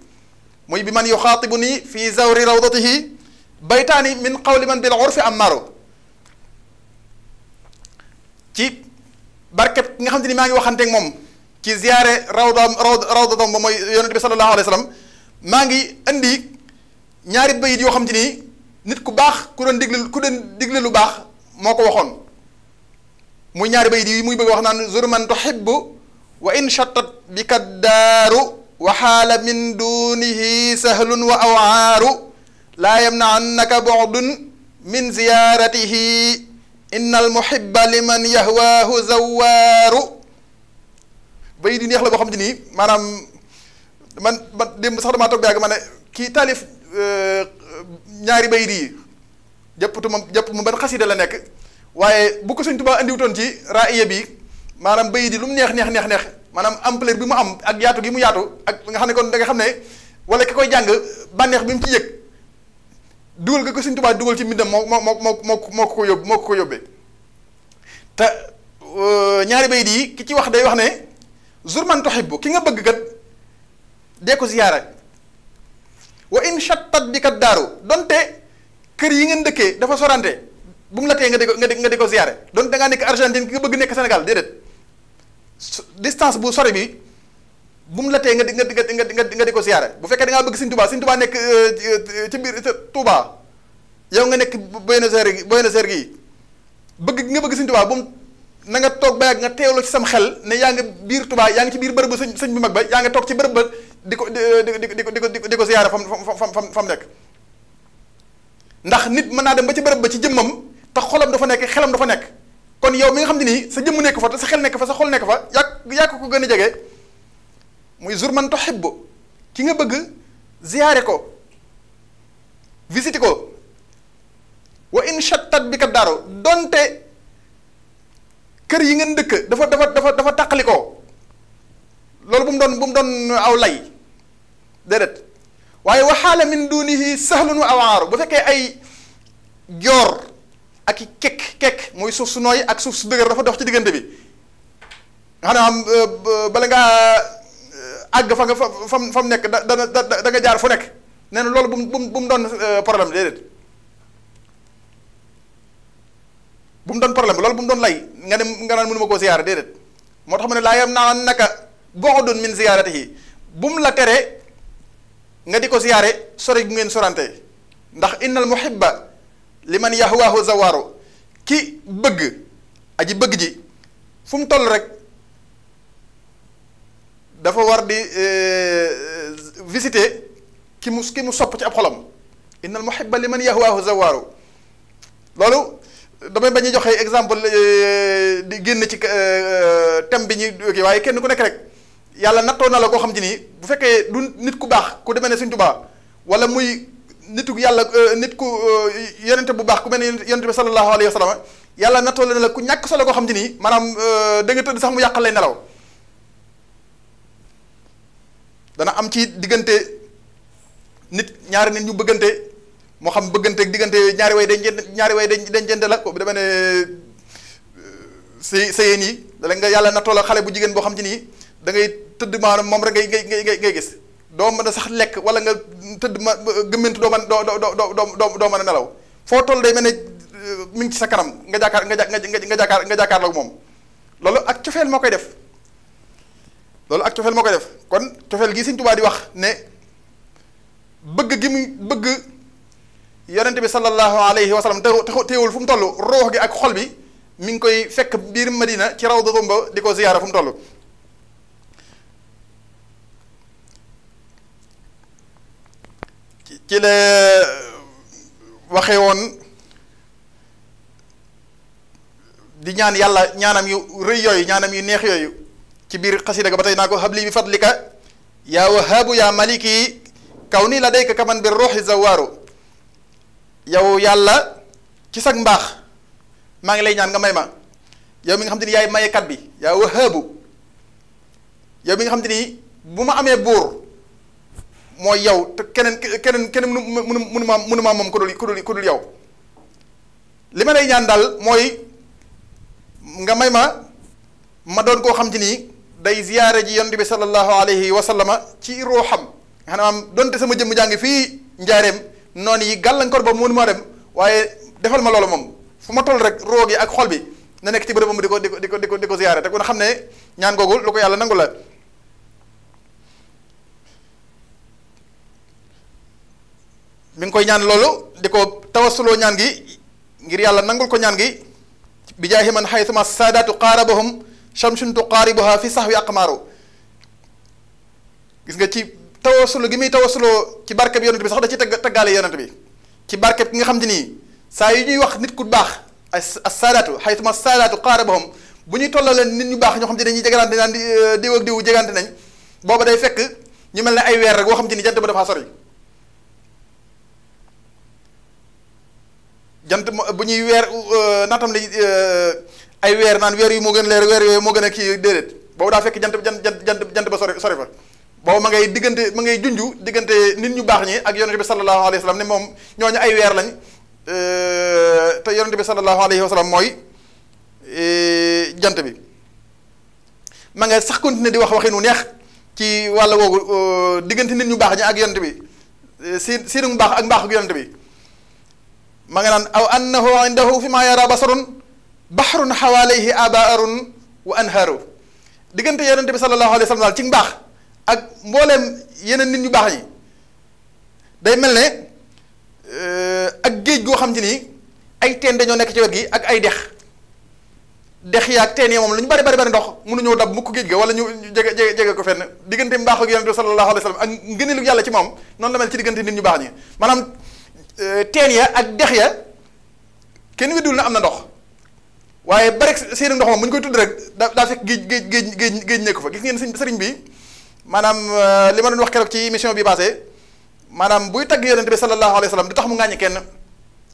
muy bi man yuxaatibu nii fii zawri rawdatihi baytaani xaw li man bil am ammaaro ci barkeb ki nga xam te ni maa ngi waxanteeg moom ci ziyaare rawdaam rawdaam ba mooy yonent bi sallallahu alayhi wa maa ngi indi ñaari bayit yoo xam te ni nit ku baax ku doon digle ku doon lu baax moo ko waxoon muy ñaari bayit yi muy bëgg wax naan zurman tuhibbu wa in chattat bi kaddaaru wa xaala min dunihi sahlun wa awaaru laa yamna annaka bu'dun min ziyaaratihi inna al muhibba liman yahwaahu zawaaru bay di neex la boo xam ni nii maanaam man man démb sax damaa toog ba yàgg ma ne taalif euh, ñaari bay yi jëpptu ma jëpp mu ban xasida la nekk waaye bu ko Sëñ Tuubaa andiwutoon ci raaya bi maanaam bay di lu mu neex neex neex neex maanaam ampleur bi mu am ak yaatu gi mu yaatu ak nga xam ne kon danga xam ne wala ki koy jàng bànneex bi mu ci yëg dugal nga ko Sëñ Tuubaa dugal ci mbindam moo moo moo moo moo ko ko yóbbu moo yóbbee te euh, ñaari bayit yi ki ci wax day wax ne zurman tuhibbu ki nga bëgg kat dee ko ziyaara wa in shattat bi kat daaru donte kër yi ngeen dëkkee dafa sorante bu mu la nga di ko nga di ko ziyaare donte da ngaa nekk Argentine ki nga bëgg nekk senegal Sénégal déedéet distance bu sore bi bu mu la nga di nga di nga di nga di nga di ko siyaare bu fekkee da ngaa bëgg Sëñ Tuubaa Sëñ Tuubaa nekk euh, ci biir Tuubaa yow nga nekk bëgg gi nga bëgg Sëñ Tuubaa bu mu na nga toog ba yàgg nga teewloo ci sam xel ne yaa ngi biir Tuubaa yaa ngi ci biir bërëb sëñ sëñ bu mag ba yaa ngi toog ci bërëb ba di ko di ko euh, di ko di ko siyaare fam fam fam fam nekk ndax nit mën naa dem ba ci bërëb ba ci jëmmam te xolam dafa nekk xelam dafa nekk kon yow mi nga xam ne nii sa jëmm nekk fa te sa xel nekk fa sa xol nekk fa yaa yaa ko ko gën a jege muy zurman tuhibbu ki nga bëgg ziyaare ko visit ko wa in shattat bi kat daaro donte kër yi ngeen dëkk dafa dafa dafa dafa taqali ko loolu bu mu doon bu mu doon aw lay déedéet waaye waxaala min dunihi sahlun wa awaaru bu fekkee ay joor ak i kekk kekk mooy suuf su nooy ak suuf su dëgër dafa dox ci diggante bi xanaa euh, bala ngaa àgg fa nga fa fam fa mu nekk da da da nga jaar fu nekk nee na loolu bu mu bu mu doon euh, problème déedéet bu mu doon problème loolu bu mu doon lay nga ne nga naan mënuma koo ziyaara déedéet moo tax mu ne laa yam naa naka bu'dun min yi bu mu la tere nga di ko ziyaare sore gu ngeen sorante ndax in innal muhibba liman yahwaahu zawaaru ki bëgg aji bëgg ji fu mu toll rek. dafa war di euh, visiter ki mu ki mu sopp ci ab xolam innal muhibba liman yahwaahu zawaaru loolu damay bañ a joxe exemple euh, di génn ci euh, thème bi ñuy kii waaye kenn ku nekk rek yàlla nattoo na la koo xam ci nii bu fekkee du nit ku baax ku demee ne Sëñ Tuubaa wala muy nitu yàlla nit ku yonente bu baax ku mel ne yonente bi sallallahu alayhi wa sallam yàlla nattoo na la ku ñàkk solo koo xam ci nii maanaam da tëdd sax mu yàqalee nelaw. dana am ci diggante nit ñaari nit ñu bëggante moo xam bëggante diggante ñaari way dañ ñaari way dañ dañ dencante la ko dama ne euh, sëy sëyeen la da nga yàlla na toola xale bu jigéen boo xam ci nii da ngay tëdd maanaam moom rek ngay ngay ngay ngay gis doo mën a sax lekk wala nga tëdd ma gëmmintu doo mën doo doo doo doo mën a nelaw foo toll day mel ne euh, mi ngi ci sa kanam nga jàkkaar nga nga nga jàkkaar nga jàkkaarloo ak moom loolu ak cofeel moo koy def loolu ak cofeel moo koy def kon cofeel gi siñ Tuubaa di wax ne bëgg gi muy bëgg yonent bi sallallahu alayhi wa sallam te teewul fu mu toll roox gi ak xol bi mi ngi koy fekk biir Madina ci raw doxum ba di ko ziyaara fu mu ci la waxee woon di ñaan yàlla ñaanam yu rëy yooyu ñaanam yu neex yooyu ci biir xasida ga ba tey naa ko habli bi fadlika yaa wahaabu yaa maliki kaw nii la dayka kaman bi ruuxi zawaaru yow yàlla ci sag mbaax maa ngi lay ñaan nga may ma yow mi nga xam te yaay mayekat bi yaa wahaabu yow mi nga xam te ni bu ma amee buur yow te keneen keneen keneen mënu mënu ma mënu ma moom ku dul ku dul ñaan daal mooy nga may ma ma doon koo xam te ni day ziyaare ji yonent bi sallallahu alayhi wa sallama ci ruuxam nga xam ne donte sama jëmm jàngi fii njaareem noon yi gàllankoor boobu mënu maa dem waaye defal ma loolu moom fu ma toll rek roog yi ak xol bi na nekk ci bërëb moom di ko di ko di ko di ko xam ne ñaan googu lu ko yàlla nangu ngi koy ñaan loolu di ko tawasuloo ñaan gi ngir yàlla nangul ko ñaan gi bi jaahi man xaytuma saadaatu qaarabahum shamsun tuqaaribuha fi sax wi aqmaaru gis nga ci tawasulu gi muy tawasuloo ci barke bi bi sax da ci teg teggaale yonent bi ci barke bi nga xam te nii saa yi ñuy wax nit ku baax as saadaatu xaytuma saadaatu qaarabahum bu ñuy tollalee nit ñu baax ñoo xam te ne ñuy jegante naan euh, diw ak diw jegante nañ booba day fekk ñu mel ne ay weer rek boo xam te ni jant ba dafaa sori jant bu ñuy weer euh, naatam li euh, ay weer naan weer yu moo gën leer weer yooyu moo a kii déedéet boobu daa fekk jant jant jant jant ba sore sore fa boobu ma diggante ma ngay junj diggante nit ñu baax ñi ak yonente bi sallallahu alayhi wa sallam ne moom ay weer lañ te yonente bi sallallahu alayhi wa sallam mooy e, bi ma nga sax continuer di wax waxi neex ci wàll woogu e, diggante nit ñu baax ñi ak yonente bi e, si siinu mbaax ak mbaax ak yonente bi ma nga naan aw annahu indahu fi ma yara basarun na baxrun xawaalayhi abaarun wa anhaaru diggante yonente bi sallallahu alayhi wa sallam daal ci mbaax ak mbooleem yeneen nit ñu baax ñi day mel ne euh, ak géej goo xam ci nii ay teen dañoo nekk ci wet gi ak ay dex dex yaa ak teen yi moom lu ñu bari bari bari ndox mënuñoo dab mukk géej ga wala ñu jeg jege jege ko fenn diggante mbaax ak yonente bi sallallahu alayhi wa sallam ak ngëneelu yàlla ci moom noonu la mel ci diggante nit ñu baax ñi maanaam euh, teen ya ak dex ya kenn weddul na am na ndox waaye bari seeni ndox moom bu ñu koy tudd rek daa fekk géej géej géej géej géej nekku fa gis ngeen sëñ sëriñ bi maanaam euh, li ma doon wax keroog ci émission bi passé maanaam buy tagg yonent bi sallallahu alayhi wa sallam du mu ngàññi kenn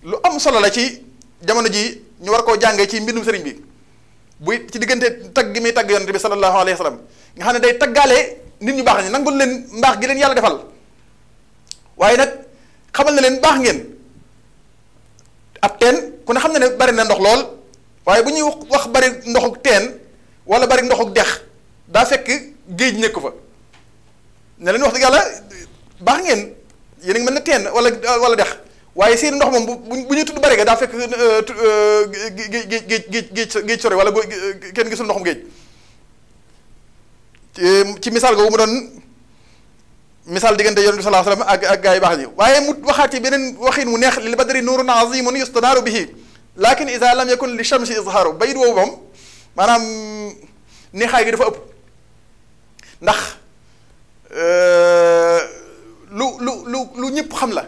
lu am solo la ci jamono ji ñu koo jàngee ci mbindum sëriñ bi buy ci diggante tagg gi muy tagg yonent bi sallallahu alayhi wa sallam nga xam ne day taggaale nit ñu baax ñi nangul leen mbaax gi leen yàlla defal waaye nag xamal na leen baax ngeen ab teen ku ne xam ne ne bari na ndox lool waaye bu ñuy wax bari ndoxuk teen wala bari ndoxuk dex daa fekk géej nekku fa ne wax dëgg yàlla baax ngeen yéen a ngi mel ne teen wala dex waaye seen ndox moom bu bu ñuy tudd bari ga daa fekk euh, euh, géej géej géej géej géej sore wala kenn gisul ndoxum géej ci misaal googu mu doon misaal diggante yonent bi sallallahu alayhi wasallam ak ak gaa yi baax ñi waaye mu waxaat ci beneen waxin mu neex lil badri nuurun azimun yustanaaru bihi lakin isa lam yakun li shamsi izharu bayit woowu moom maanaam neexaay gi dafa ëpp ndax euh, lu lu lu lu ñëpp xam la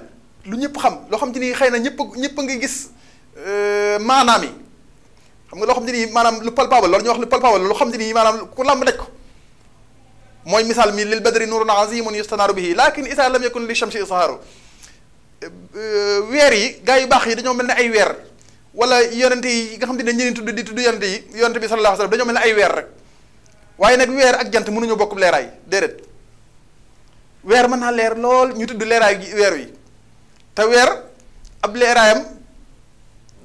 lu ñëpp xam loo xam te ni xëy na ñëpp ñëpp a ngi gis euh, maanaam yi xam nga loo xam te ni lu palpable loolu ñuy wax lu palpable loo xam te ni maanaam ku làmb daj ko mooy misaal mi lil badri nurun azimun yustanaaru bihi lakin la lam yakun li shamsi izharu euh, weer yi gaa yu baax yi dañoo mel ne ay weer wala yonente yi nga xam ne dañ leen di tudd yonente yi yonente bi sallallahu alayhi wasallam dañoo mel ay weer rek waaye nag weer ak jant mënuñoo bokk leeraay déedéet weer mën naa leer lool ñu tudd leeraay weer wi te weer ab leeraayam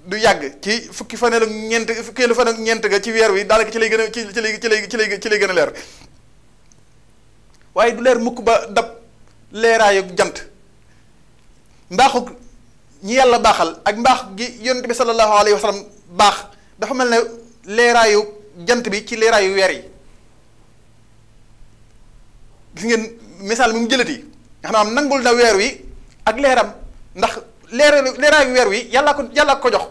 du yàgg ci fukki fan ak ñeent fukkeelu fan ak ñeent ga ci weer wi daanaka ci lay gën a ci ci lay ci lay ci lay ci lay gën a leer waaye du leer mukk ba dab leeraayu jant mbaaxu ñi yàlla baaxal ak mbaax gi yonent bi sallallahu alayhi wa sallam baax dafa mel ne leeraayu jant bi ci leeraayu weer yi gis ngeen misaal mi mu jëlati nga xam nangul na weer wi ak leeram ndax leer leeraayu weer wi yàllaa ko yàllaa ko jox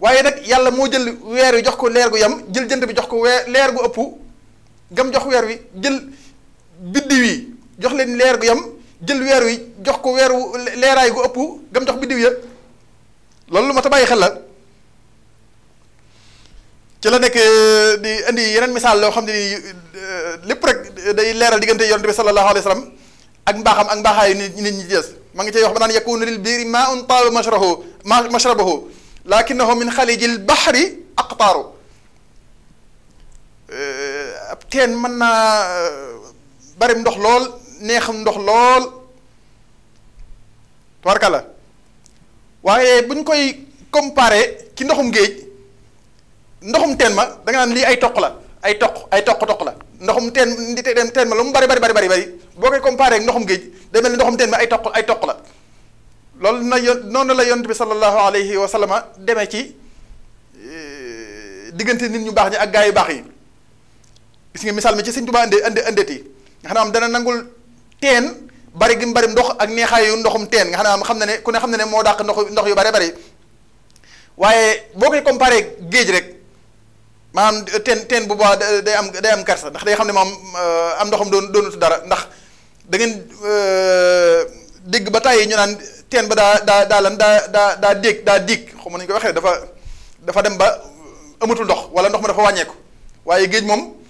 waaye nag yàlla moo jël weer wi jox ko leer gu yam jël jant bi jox ko weer leer gu ëpp gam jox weer wi jël biddi wi jox leen leer gu yam jël weer wi jox ko weeru wu leeraay gu ëpp gam jox biddiw ya loolu lu ma ta bàyyi xel la ci la nekk eh, di indi yeneen misaal loo xam ne nii eh, lépp rek day leeral diggante yonent bi sallallahu alayhi wa sallam ak mbaaxam ak mbaaxaayu nit ñi ci des ma ngi cay wax ba naan yakunu lil ma maa un taaba mashrahu ma mashrabahu lakinnahu min xalijil baxri aqtaaru eh, ab teen mën naa bari ndox lool neexam ndox lool warka la waaye bu ñu koy comparé ci ndoxum géej ndoxum teen ma da nga naan lii ay toq la ay toq ay toq toq la ndoxum teen ndi teen ma lu mu bari bari bari bari boo koy comparé ndoxum géej day ndoxum teen ma ay toq ay toq la loolu na yon noonu la yonent bi sallallahu alayhi wa sallam demee ci eh, diggante nit ñu baax ñi ak gaa yu baax yi gis nga misaal mi ci Sëñ Tuubaa ande ande andeet nga xam ne am dana nangul teen bari gi mu bari ndox ak neexaayu ndoxum teen nga xam ne xam na ne ku ne xam na ne moo dàq ndox ndox yu bare bari waaye boo koy comparé géej rek maanaam teen teen bu baax day am day am kersa ndax day xam ne moom euh, am ndoxam doon doonut dara ndax dangeen ngeen euh, dégg ba tàyyi ñu naan teen ba daa daa daa lan daa daa daa dégg daa digg xaw ma nañu ko waxee dafa dafa dem ba euh, amatul ndox wala ndox ma dafa wàññeeku waaye géej moom.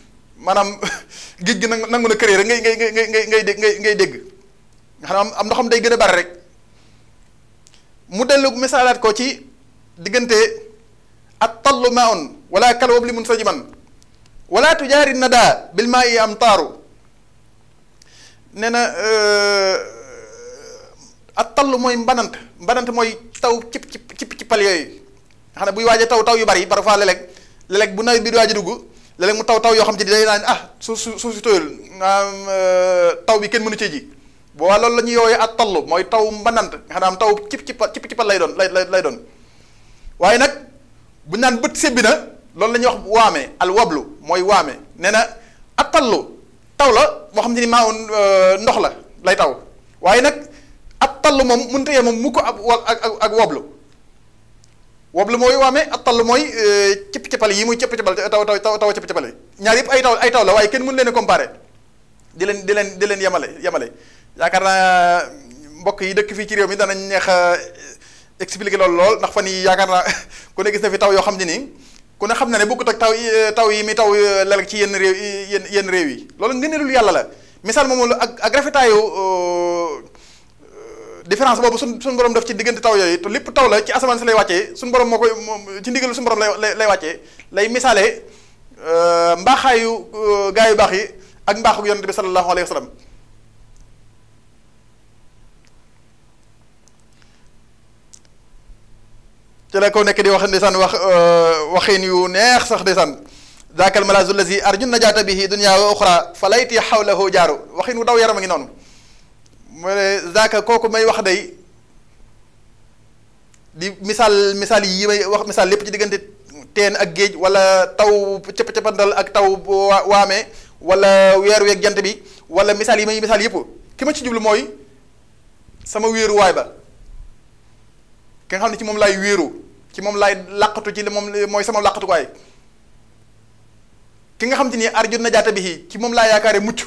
maanaam <laughs> géej gi nangu na kër rek ngay ngay ngay ngay ngay dégg ngay ngay dégg nga xam am day gën a bari rek mu dellu misaalaat ko ci diggante at tallu maa un wala kal wab li mun sajiman wala tujaari nada bil maa yi am taaru nee na euh, at tallu mooy mbanant mbanant mooy taw cip cip cip cipal yooyu nga xam ne buy waaj a taw taw yu bari parfois léeg-léeg léeg bu nawet bi di waaj a dugg leen mu taw taw yoo xam ci day naan ah suuf su suuf si tooyul euh, taw bi kenn mënu cee ji boo waa loolu la ñuy yooyee at tallu mooy taw mbanant nga xam taw cip cip cip cipal lay doon lay lay doon waaye nag bu naan bët sébbi na loolu lañuy ñuy wax waame al wablu mooy waame nee na at tallu taw la moo xam ne ni maa euh, ndox la lay taw waaye nag at tallu moom mënut a yem moom mu ko ab ak ak wablu. woblu mooy waame ak tall mooy euh, cëpp cëppal yi muy cëpp cëppal taw taw taw cëpp cëppal ñaar yëpp ay taw ay taw la waaye kenn mënu leen a di leen di leen di leen yemale yemale yaakaar naa euh, mbokk yi dëkk fii ci réew mi danañ neex euh, expliqué loolu lool ndax fan ni yaakaar naa <laughs> ku ne gis na fi taw yoo xam ni nii ku ne xam na ne bokkut ak taw taw yi mi taw lal ci yenn réew yenn yenn réew yi loolu ngëneelul yàlla la misaal moomu ak ak rafetaayu différence boobu suñ su borom def ci diggante taw yooyu te lépp taw la ci asamaan si lay wàccee suñ borom moo koy ci ndigal suñu borom lay lay wàccee lay misaale euh, mbaaxaayu euh, gaa yu baax yi ak mbaaxu yonent bi sallallahu alayhi wa sallam ci la ko nekk di wax ndeysaan wax euh, waxin yu neex sax ndeysaan zaakal malazul na jaata najaata bihi dunya wa uxra fa xaw xawlahu jaaru waxin wu daw yaram a ngi noonu mu ne kooku may wax day di misaal misaal yi may wax misaal lépp ci diggante teen ak géej wala taw cëpp cëppandal ak taw waame wala weer weeg jant bi wala misaal yi may misaal yëpp ki ma ci jublu mooy sama waay ba ki nga xam ne ci moom lay wéeru ci moom lay làqatu ci moom mooy sama làqatukaay ki nga xam ni ni na najaata bi ci moom laa yaakaare mucc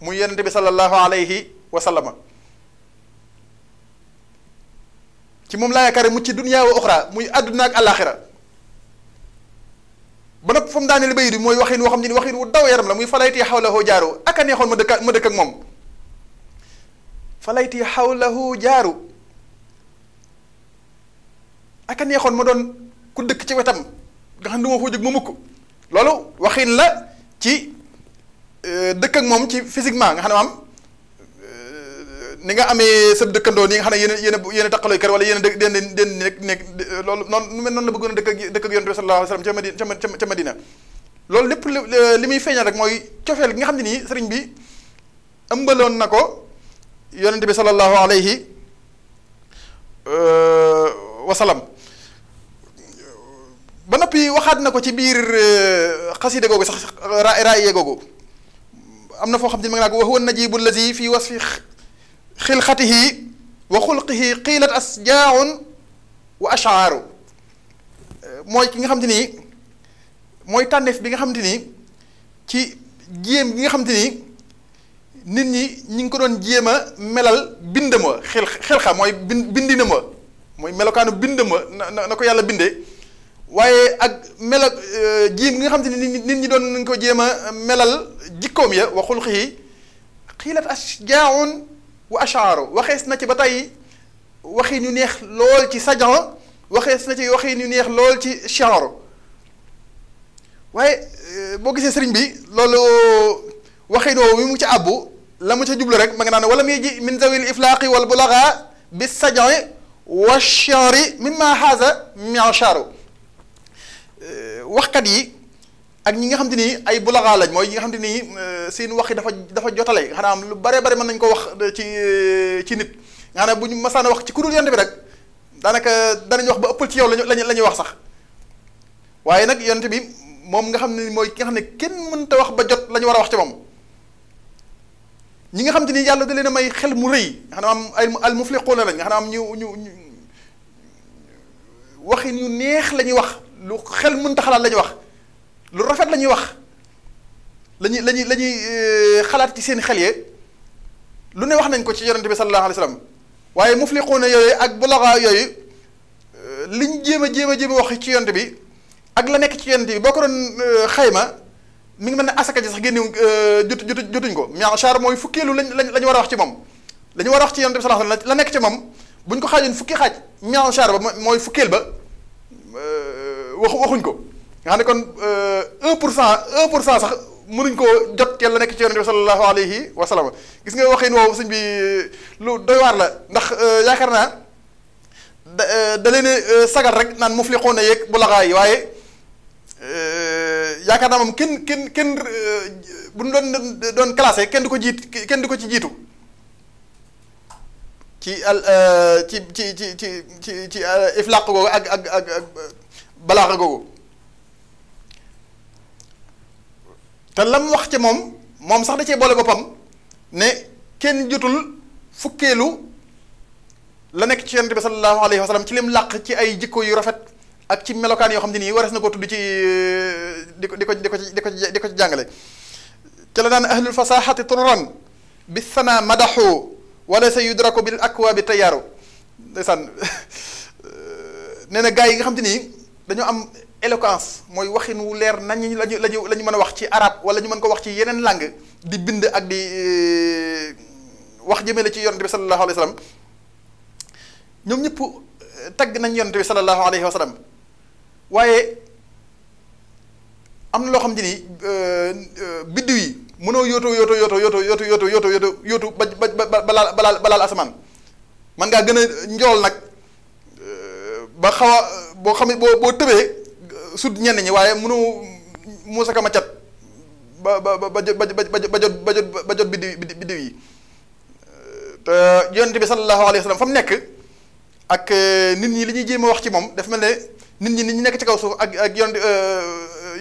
muy yonente bi sallallahu alayhi wasallama ci moom laa yaakaare mu ci dunyaa wa muy àdduna ak àllaaxira ba nag fa mu daaneel bayit bi mooy waxin woo xam ne waxin wu daw yaram la muy falayti xaw jaaru ak a ak moom falayti xawlahu jaaru ak a neexoon ma doon ku dëkk ci wetam nga xam ne ma foo jóg ma mukk loolu waxin la ci euh, dëkk moom ci physiquement nga xam ne maam ni nga amee sa dëkkandoo ni nga xam ne yéen a yéen a yéen a taqaloo kër wala yéen a dë den den nekk nekk loolu noonu noonu la bëggoon a dëkk ak dëkk bi sallallahu alayhi loolu lépp li muy feeñal rek mooy cofeel gi nga xam ne nii sëriñ bi ëmbaloon na ko yonent bi sallallahu alayhi euh, wasallam ba noppi waxaat na ko ci biir euh, xaside googu sax ra raayee googu am na foo xam ne ma ngi naa ko wa huwa najibu allazi fi wasfi xilxatihi wa xulqihi qiilat asjaaun wa ashaaru mooy ki nga xam te nii mooy tànneef bi nga xam te nii ci jéem gi nga xam te nii nit ñi ñu ngi ko doon jéem a melal bind ma xel xelxa mooy bind bindina mooy melokaanu bind ma na na ko yàlla bindee waaye ak melo euh, jéem bi nga xam te ni nit ñi doon nañ ko jéem a melal jikkoom ya wa xulqihi qiilat asjaaun wa ashaaru waxees na ci ba tey waxin yu neex lool ci sajaa waxees na ci waxin yu neex lool ci shaaru waaye eh, boo gisee sëriñ bi loolu waxin woowu mi mu ci àbbu la mu ca jublu rek ma nga naan wala muy ji min zawil iflaaqi wal bulaga bi sajaa wa shaari mimma haza miashaaru eh, waxkat yi ak ñi nga xam te ni ay bulaxaa lañ mooy ñi nga xam nii ni euh, seen wax yi dafa dafa jotale xanaa lu bare bare mën nañ ko wax euh, ci euh, ci nit nga xam ne bu ñu masaana wax ci ku dul yonent bi rek daanaka danañ wax ba ëppal ci yow lañu lañu la ñuy wax sax waaye nag yonent bi moom nga xam ne mooy ki ne kenn mënta wax ba jot lañu war a wax ci moom ñi nga xam te ni yàlla da leen a may xel mu rëy nga xam ne am al mufliquuna lañ nga xam ne am ñu ñu waxin yu neex la ñuy wax lu xel mënta xalaat la ñuy wax lu rafet la ñuy wax lañuy lañuy la ñuy euh, xalaat ci seen xel yee lu ne wax nañ ko ci yonente bi sallallahu alayhi wa sallam waaye mufliquuna yooyu ak bulaga yooyu euh, liñ jéem a jéem a jéem a wax ci yonente bi ak la nekk ci yonente bi boo ko doon euh, xayma mi mel ne asaka ji sax génne jot jot jotuñ mooy fukkeelu lañ lañ la ñu war a ci moom la war a wax ci yonente bi la nekk ci moom bu ñu ko xaajoon fukki xaaj miachar ba mooy fukkeel ba waxuñ ko nga xam ne kon euh, un pour cent un pour sent sax mënuñ ko jot kenn la nekk ci yonent bi sallallahu alayhi wa sallam gis nga waxin woowu sëñ bi euh, lu doy waar la ndax euh, yaakaar naa da da leen sagal rek naan muflixoon na yeeg bu laxaay waaye yaakaar naa moom kenn kenn kenn bu ñu doon doon classé kenn du ko jiit kenn du ko ci jiitu ci al ci ci ci ci ci ci iflaq googu ak ak ak balaaxa googu. te lam wax ci moom moom sax da cee boole boppam ne kenn jotul fukkeelu la nekk ci yonent bi sallallahu alayhi wa sallam ci lim làq ci ay jikko yu rafet ak ci melokaan yoo xam te nii war na ko tudd ci di ko di ko di ko di la naan ahlul fasaxati turran bi sana madaxu wala sa yudrako bil akwa bi tayaaru ndeysaan <laughs> nee na gaa yi nga xam te nii dañoo am éloquence mooy waxin wu leer nañ lañu lañu la ñu mën a wax ci arab wala ñu mën ko wax ci yeneen langue di bind ak di euh, wax jëme jëmale ci yonent bi sallallahu alayhi wa sallam ñoom ñëpp euh, tagg nañ yonent bi sallallahu alayhi wa waaye am na loo xam ne ni euh, biddiw yi mënoo yooto yóotoo yóotoo yóotoo yóotoo yóotoo yóotoo yóotoo yóotoo ba ba balaal balaal balaal asamaan man ngaa gën a njool nag ba xaw boo xam ne boo boo tëbee sut ñenn ñi waaye mënoo muusa kama cat ba ba ba ba jot ba jot ba jot biddiw yi te bi sallallahu alayhi wa sallam fa mu nekk ak e, nit ñi li ñuy jéem a wax ci moom dafa mel ne nit ñi nit ñi nekk ci kaw suuf ak ak yonent e,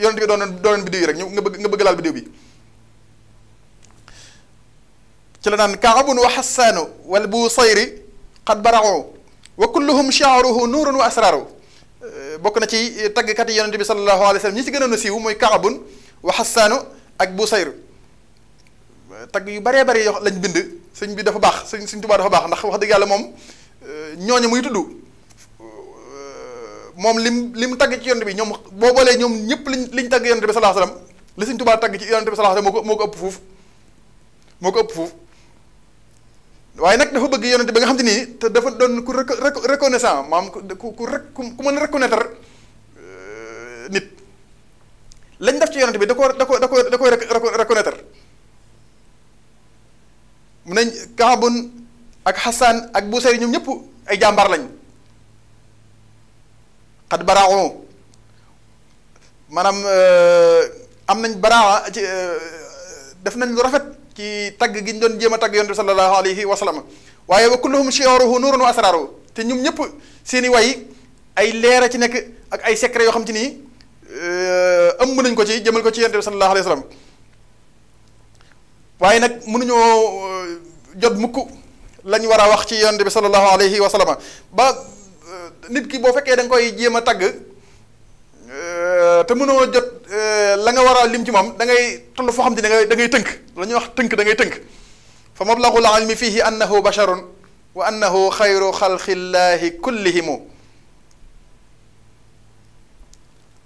yonent bi doon doon biddiw yi rek ñu nga bëgg nga bëgg laal biddiw bi ci la naan kaabun wa xassaanu wal busayri qad baraxoo wa kulluhum shaaruhu nuurun wa asraaru Euh, bokk na ci taggkat yi yonente bi sallallahu alayhi wa sallam ñi ci gënoon a siiw mooy kaabun wa xassaanu ak busayr tagg yu baree bari yoo lañ bind sëñ bi dafa baax sëñ suñ Tuubaa dafa baax ndax wax dëgg yàlla moom euh, ñooñu muy tudd euh, moom lim lim tagg ci yonente bi ñoom boo boolee ñoom ñëpp liñ liñ tagg yonente bi sallallahu alayhi wa li sëñ Tuubaa tagg ci yonente bi sallallahu alayhi moo ko moo ko ëpp fuuf moo ko ëpp foofu waaye nag dafa bëgg yonente bi nga xam te nii te daf doon ku reconnaissant maam ku ku rek ku mën a reconnaître euh, nit lañ def ci yonente bi da ko da ko da ko da koy reconnaître mu nañ Kaabun ak Xasaan ak Busayri ñoom ñëpp ay jàmbaar lañ xat baraaxu maanaam euh, am nañ baraaxa euh, def nañ lu rafet ci tagg gi ñu doon jéem a tagg yonent bi sallallahu alayhi wa sallam waaye wa si shi'ruhu nurun wa asraru te ñoom ñëpp seeni way ay leer a ci nekk ak ay secret yoo xam te ni euh, ëmb nañ ko ci jëmal ko ci yonent bi sallallahu alayhi wa sallam waaye nag mënuñoo euh, jot mukk lañ war a wax ci yonent bi sallallahu alayhi wa sallam ba euh, nit ki boo fekkee da koy jéem a tagg. Euh, te mënoo jot euh, la nga war a lim ci moom da ngay toll foo xam ne da ngay da ngay tënk la ñuy wax tënk da ngay tënk fa mablagul ilmi fihi annahu basharun wa annahu xayru xalqillahi kullihimu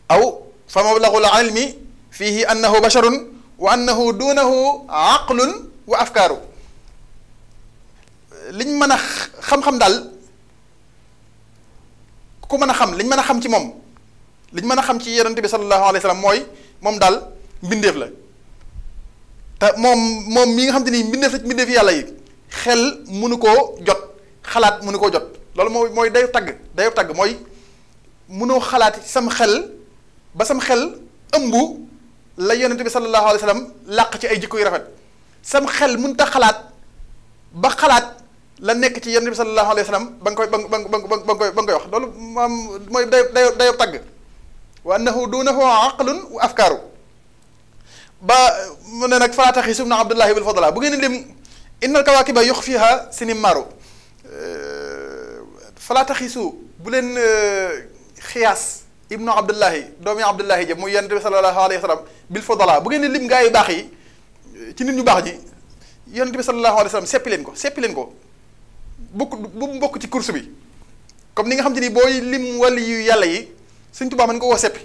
aw fa mablagul ilmi fihi annahu basharun wa annahu duunahu aqlun a afkaaru liñ mën a xam-xam daal ku mën a xam liñ mën a xam ci moom li mën a xam ci yonent bi sallallahu alayhi wa mooy moom daal mbindeef la te moom moom mi nga xam te ni mbindeef la ci yàlla yi xel mënu koo jot xalaat mënu koo jot loolu mooy mooy day tagg day tagg mooy mënoo xalaat sam xel ba sam xel ëmb la yonent bi sallallahu alayhi wa sallam ci ay jikko yu rafet sam xel mënta xalaat ba xalaat la nekk ci yonent bi sallallahu alayhi wa sallam ba nga koy ba nga koy ba nga koy wax loolu moom mooy dayo dayo dayo tagg wa annahu duunahu aqlun wa afkaaru ba mu ne nag fala taxisu ibnu abdullahi bil fadla bu ngeen lim inna al fii yuxfiha sinimaaru fala bu leen xiyaas ibnu abdullahi doomi abdullahi jëm muy yonent bi sallallahu alayhi wa sallam bil fadla bu ngeen lim gaa yu baax yi ci nit ñu baax ñi yonent bi sallallahu alayhi wa sallam seppi leen ko seppi leen ko bokk bu mu bokk ci course bi comme li nga xam te ni booy lim wali yu yàlla yi sëñ Tuubaa mën nga koo seppi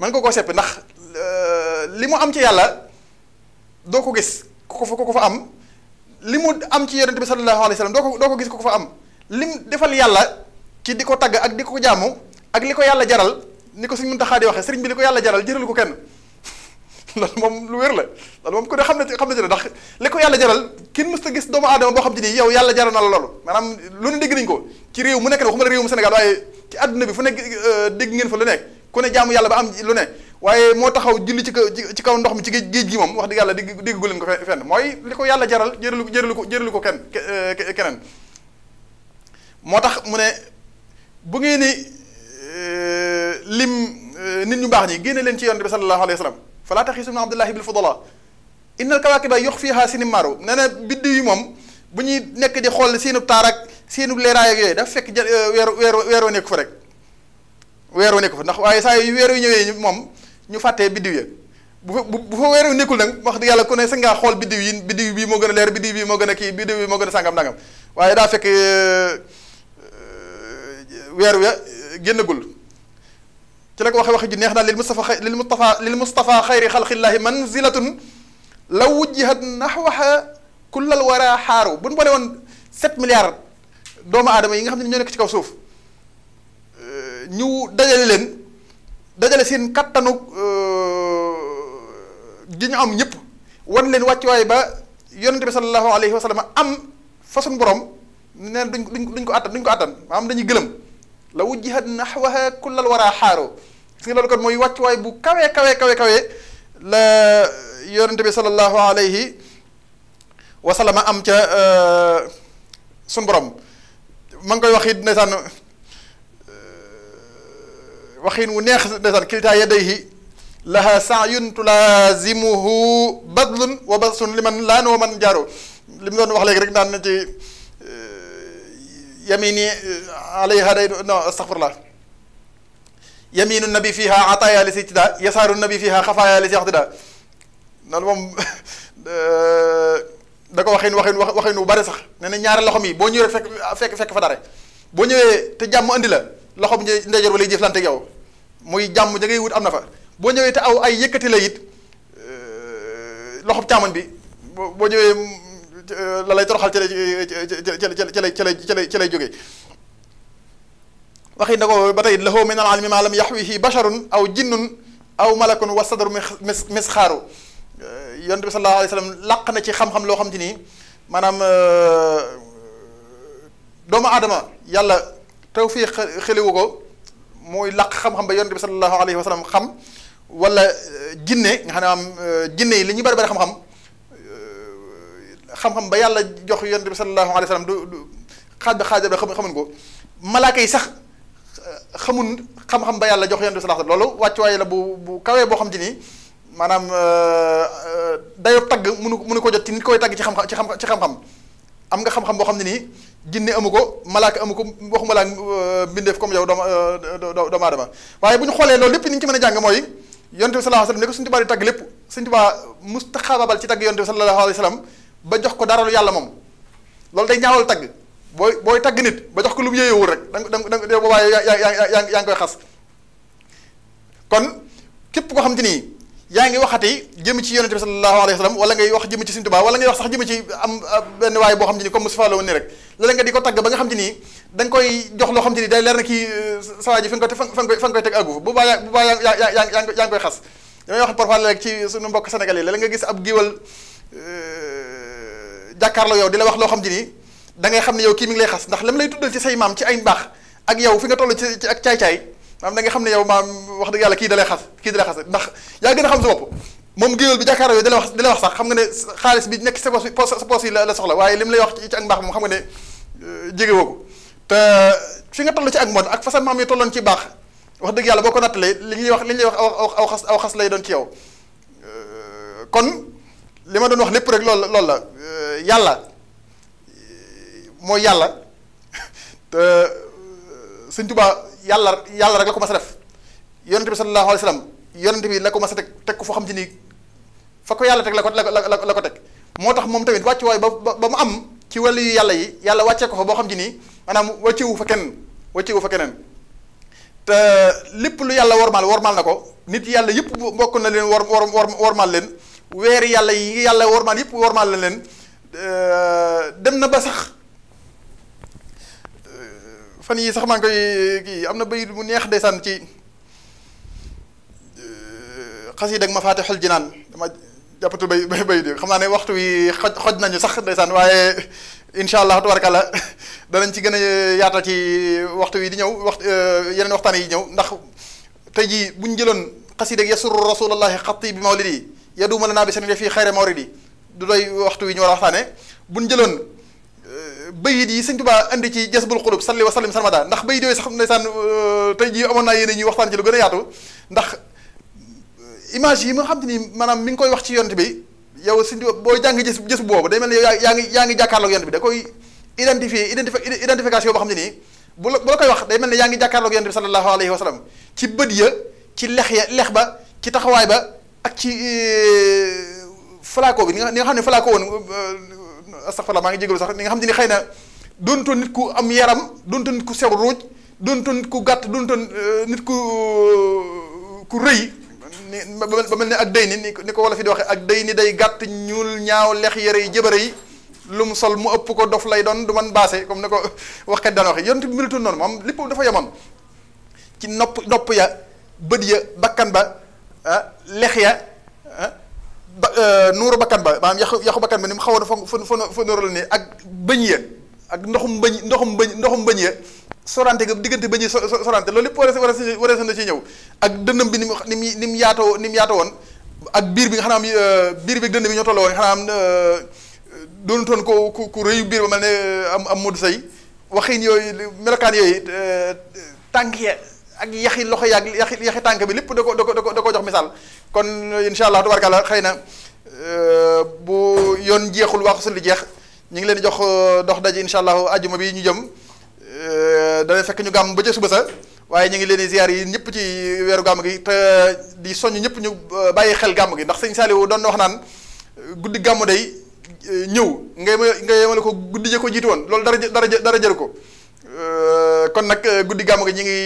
mën nga koo seppi ndax euh, li mu am ci yàlla doo ko gis ku ko fa ku ko fa am li mu am ci yonent bi sallallahu alayhi wa sallam doo ko doo ko gis ku ko fa am lim defal yàlla ci di ko tagg ak di ko jaamu ak li ko yàlla jaral ni ko sëñ Muntaxa di waxee sëriñ bi li ko yàlla jaral jëralu ko kenn. <laughs> loolu moom lu wér la loolu moom ku ne xam ne ci xam ne ndax li ko jaral kenn mës ta gis doomu aadama boo xam ci ni yow yàlla jaral na la loolu ko ci réew mu nekk ne waxuma la réewum Sénégal ci àdduna bi fu nekk euh, dégg ngeen fa lu nekk ku ne jaamu yàlla ba am lu ne waaye moo taxaw julli ci ci kaw ndox mi ci géej gi moom wax dëgg yàlla dégg déggu leen ko fenn mooy li ko yàlla jaral jëralu jëralu ko jëralu ko kenn euh, keneen moo tax mu ne bu ngeen ni euh, lim nit ñu baax ñi génne leen ci yoon bi sallallahu alayhi wa sallam falaa taxiisu min abdullahi bil fudala innal kawaakiba fii sinimaaru nee na biddiw yi moom bu ñuy nekk di xool siinu taar ak seenub leeraay ak yooyu dafa fekk ja euh, weeru weeru weeroo nekk fa rek weeroo nekk fa ndax waaye saa weer weeru ñëwee moom ñu fàttee biddiw ya bu fa bu fa weeru nekkul nag wax dëgg yàlla ku ne sa ngaa xool biddiw yi biddiw bii moo gën a leer biddiw bii gën a kii biddiw bii moo gën a sàngam nangam waaye daa euh, euh, weer génnagul ci la ko waxee wax ji neex naa lil mustafa lil mustafa lil mustafa xayri xalqillaahi manzilatun law wujjihat naxwaha kullal wara xaaru bu ñu boole woon set milliards doomu aadama yi nga xam ne ñoo nekk ci kaw suuf euh, ñu dajale leen dajale seen kattanu euh, gi ñu am ñëpp wan leen waay ba yonente bi sallallahu alayhi wa sallam am façon borom neen duñ duñ duñ ko attan duñ ko attan maanaam dañuy gëlëm la wujjihat naxwaha kullal wara xaaru gis nga loolu kon mooy wàccuwaay bu kawe kawe kawe kawe la yonente bi sallallahu alayhi wa sallam am ca euh, sun borom ma ngi koy wax it ndeysaan euh, waxin wu neex ndeysaan kilita yadayhi laha saayun tulaazimuhu badlun wa basun wa man jaaro li mu doon wax léegi rek daan na ci euh, yamini alayha day non astaghfirullah yaminu nabi fiha ataaya li si tida yasaaru nabi fiha xafaaya li si tida loolu moom <laughs> da ko waxin waxin waxin wu bari sax nee na ñaari loxom yi boo ñëwee fekk fekk fekk fa dara boo ñëwee te jàmm indi la loxom ndeyjoor ba lay jëflante ak yow muy jàmm ja ngay wut am na fa boo ñëwee te aw ay yëkkati la it euh, loxob càmmoñ bi boo boo ñëwee euh, la lay toroxal ci lay ci lay ci lay ci lay jóge waxit na ko ba tey lahu min al-ilmi maa lam yaxwihi basharun aw jinnun aw malakun wa sadru mis misxaaru euh, yonent bi na ci xam loo xam te nii maanaam euh, doomu aadama yàlla tawfiq xeliwu ko mooy làq xam ba yonent bi sallallahu alayhi wa sallam xam wala euh, jinne nga xam ne maam jinne yi li ñuy bari bari xam-xam xam-xam ba yàlla jox yonent bi sallallahu alayhi wa sallam xaaj ba xaaj ba xamuñ ko malaaka yi sax xamun xam-xam ba yàlla jox yonent bi sallallahu alayhi wasallam loolu wàccuwaay la bu bu kawee boo xam te ni maanaam euh, euh, dayo tagg munu munu ko jot ci nit koy tagg ci xam-xam ci xam ci xam-xam am nga xam-xam boo xam ne nii jinne amu ko malaaka amu ko waxuma laa euh, mbindeef comme yow doomu doomu aadama waaye bu ñu xoolee loolu lépp ni ñu ci mën a jàng mooy yonent bi sallallahu alayhi wasallam ne ko Sëñ Tuubaa di tagg lépp Sëñ Tuubaa mustaxaababal ci tagg yonent bi sallallahu alayhi wasallam ba jox ko dara yàlla moom loolu day ñaawal tagg booy booy tagg nit ba jox ko lu mu yéyewul rek da nga da nga boobaa yaa yaa yaa ngi koy xas kon képp koo xam te ni yaa ngi waxati jëm ci yonente bi sallallahu alayhi wa sallam wala ngay wax jëm ci Sëriñ Tuubaa wala ngay wax sax ci am benn waay boo xam te ni comme Mustafa la woon nii rek léeg nga di ko tagg ba nga xam te da koy jox loo xam te ni day leer na kii euh, saa ji fi nga koy fa nga koy fa nga koy teg àggu boobaa yaa boobaa yaa yaa yaa yaa ngi koy xas damay wax parfois léeg ci suñu mbokk Sénégal yi léeg nga gis ab géwal euh, jàkkaarloo yow di la wax loo xam te ni dangay xam ne yow kii mi ngi lay xas ndax lam lay tuddal ci say maam ci ay mbaax ak yow fi nga toll ci ci ak caay-caay maam da xam ne yow maam wax dëgg yàlla kii dalay xas kii dalay xas ndax yaa gën a xam sa moom géwél bi jàkkaaroo yooyu da wax da lay wax ne xaalis bi nekk sa poos bi sa poos yi la soxla waaye li mu lay wax ci ak mbaax nga ne euh, jegewoo ci ak mbon ak fa maam yi tolloon ci wax dëgg yàlla boo ko nattalee li ñuy wax li ñuy wax aw xas aw xas lay doon ci yow euh, kon li ma doon wax lépp rek loolu loolu la euh, yàlla mooy yàlla te euh, sëñ Tuubaa yàlla yàlla rek la ko mas a def yonent bi sallallahu alayhi wasallam yonent bi la ko mas a teg teg ko foo xam ci nii fa ko yàlla teg la ko la ko la ko teg moo tax moom tamit wàccuwaay ba ba mu am ci wàllu yu yàlla yi yàlla wàccee ko boo xam ci nii maanaam wàccewu fa kenn wàccewu fa keneen te lu yàlla wormaal wormaal na ko nit yàlla yëpp mbokk na leen wor wor wormaal leen weeri yàlla yi yàlla wormaal yëpp wormaal na leen euh, dem na ba sax fan yii sax maa ngi koy kii am na bayit mu neex ndeysaan ci euh, xasida ak Mafatihul Jinaan dama jàppatul bay bay bayit yi xam naa ne waxtu wi xoj xoj nañu sax ndeysaan waaye incha allah tabarakalla <laughs> danañ ci gën a yaatal ci waxtu wi di ñëw waxtu euh, yeneen waxtaan yi ñëw ndax tey jii bu ñu jëloon xasida ak yasuru rasulallahi xatti bi mawlidi yaduuma lanaa bi seen fii xayre mawridi du doy waxtu wi ñu war a waxtaane bu ñu jëloon. bayit yi sëñ Tuubaa indi ci jasbul xulub salli wa sallim sarmada ndax bayit yooyu sax ndeysaan euh, tey jii amoon naa yéene ñuy waxtaan ci lu gën a yaatu ndax euh, image yi nga xam te ni maanaam mi ngi koy wax ci yont bi yow sëñ Tuubaa booy jàng jës jës boobu day mel ne yow yaa ngi yaa ngi jàkkaarloog yont bi da koy identifier identifi boo xam ne nii bu la bu koy wax day mel ne yaa ngi jàkkaarloog yont bi sallallahu alayhi wa sallam ci ya ci lex ya lex ba ci taxawaay ba ak ci euh, flaco bi ni nga xam ne flaco woon astafurlah maa ngi jégalu sax ni nga xam te ni xëy na doontoon nit ku am yaram doontoon nit ku sew ruuj doontoon nit ku gàtt doontoon euh, nit ku euh, ku rëy ba mel ne ak day ni ni ko wala fi di waxee ak day ni day gàtt ñuul ñaaw lex yëre yi jëbëre yi lu mu sol mu ëpp ko dof lay doon du man baase comme ni ko <laughs> waxkat daan waxee yonent bi melutoon noonu moom lépp dafa yemoon ci nopp nopp ya bët ya bakkan ba ah, lex ya ba euh, nuuru bakkan ba maanaam yaxu yaxu bakkan ba ni mu xawoon fa fa fa fa nuural nii ak bëñ ya ak ndoxum bëñ ndoxum bëñ ndoxum bëñ ya sorante ga diggante bëñ ya sorante loolu lépp war a war a na si ñëw ak dënnam bi ni mu ni mu ni mu yaatoo ni mu yaatoo woon ak biir bi nga xanaam euh, biir bi ak dënn bi ñoo tolloo woon xanaam euh, toon ko ku ku biir ba mel ne am am Modou Seye waxiin yooyu melokaan yooyu tànk ya ak yaxi loxo yaag yaxi yaxi tànk bi lépp da ko da ko da ko jox misaal kon incha allah tubarkalla xëy na euh, bu yoon jeexul waaxu li jeex ñu ngi leen di jox euh, dox daj incha allah ajuma bi ñu jëm euh, dana fekk ñu gàmm ba ca suba sax waaye ñu ngi leen di yi ñëpp ci weeru gàmm gi te di soññ ñëpp ñu bàyyi xel gàmm gi ndax sëñ Saliou doon na wax naan guddi gàmm day ñëw ngay nga yemale ko guddi jë ko jiitu woon loolu dara dara dara jëru ko kon nag guddi gàmm gi ñu ngi.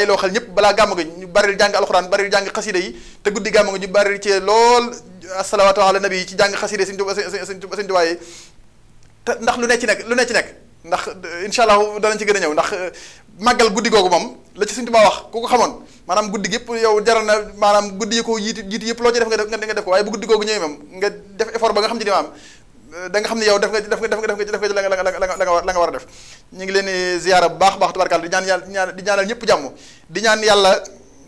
loo xel ñëpp balaa gàmm nga ñu baril jàng alxuraan baril jàng xasida yi te guddi gàmm nga ñu baril ci lool asalawaatu ala nabi yi ci jàng xasida yi te ndax lu ne ci nekk ci nekk ndax incha allah danañ ci gën a ñëw ndax eh, màggal guddi googu moom la ci sëñ Tuubaa wax ku ko xamoon maanaam guddi yëpp yow jaral na maanaam guddi yi ko yiiti yiiti yëpp loo ci def nga def nga def ko waaye bu guddi googu ñëwee moom nga def effort ba nga xam ci ne maam da nga xam ne yow def nga def nga def nga def nga ci la nga la nga la nga war a def ñu ngi leen di ziyaara bu baax baax tubarkalla di ñaan yàlla di ñaanal ñëpp jàmm di ñaan yàlla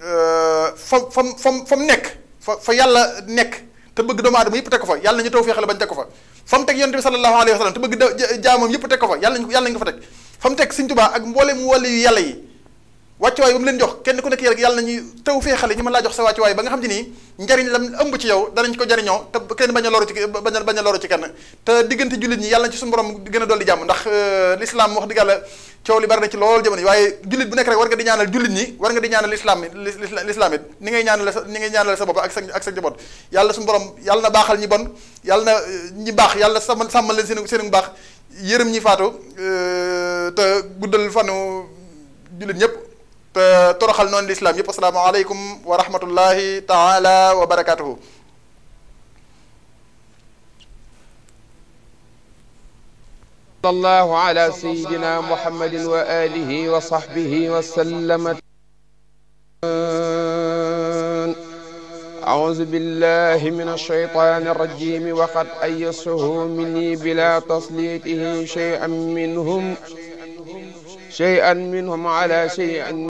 euh, fa fam fam fa mu nekk fa fa yàlla nekk te bëgg doomu aadama yëpp teg ko fa yàlla nañu taw féexale bañ teg ko fa fa mu teg yonent bi sallallahu alayhi wa sallam te bëgg jaamam yëpp teg ko fa yàlla nañu ko yàlla nañu ko fa teg fa mu teg Sëñ Tuubaa ak mboolem wàllu yu yàlla yi wàccuwaay ba mu leen jox kenn ku nekk rek yàlla nañuy taw feexale ñu mën laa jox sa wàccuwaay ba nga xam te nii njariñ lam ëmb ci yow danañ ko jariñoo te kenn bañ a loru ci bañ a bañ a loru ci kenn te diggante jullit ñi yàlla na ci suñu borom gën a dolli jàmm ndax euh, l'islam wax dëgg coow li bari na ci lool jamono waaye jullit bu nekk rek war nga di ñaanal jullit ñi war nga di ñaanal l'islam l'islam it ni ngay ñaanale sa ni ngay ñaanale sa bopp ak sa ak sa njaboot yàlla suñu borom yàlla na baaxal ñi bon yàlla na euh, ñi baax yàlla sàmmal sàmmal leen seen seen baax yërëm ñëpp toroxal noonu lislaam yëpp asalaamaaleykum wa rahmatullahi taala wa barakatuhu sallallahu ala sayyidina muhammadin wa alihi wa sahbihi wa sallama أعوذ بالله من الشيطان الرجيم وقد أيسه مني بلا تسليطه شيئا منهم شيئا منهم على شيئا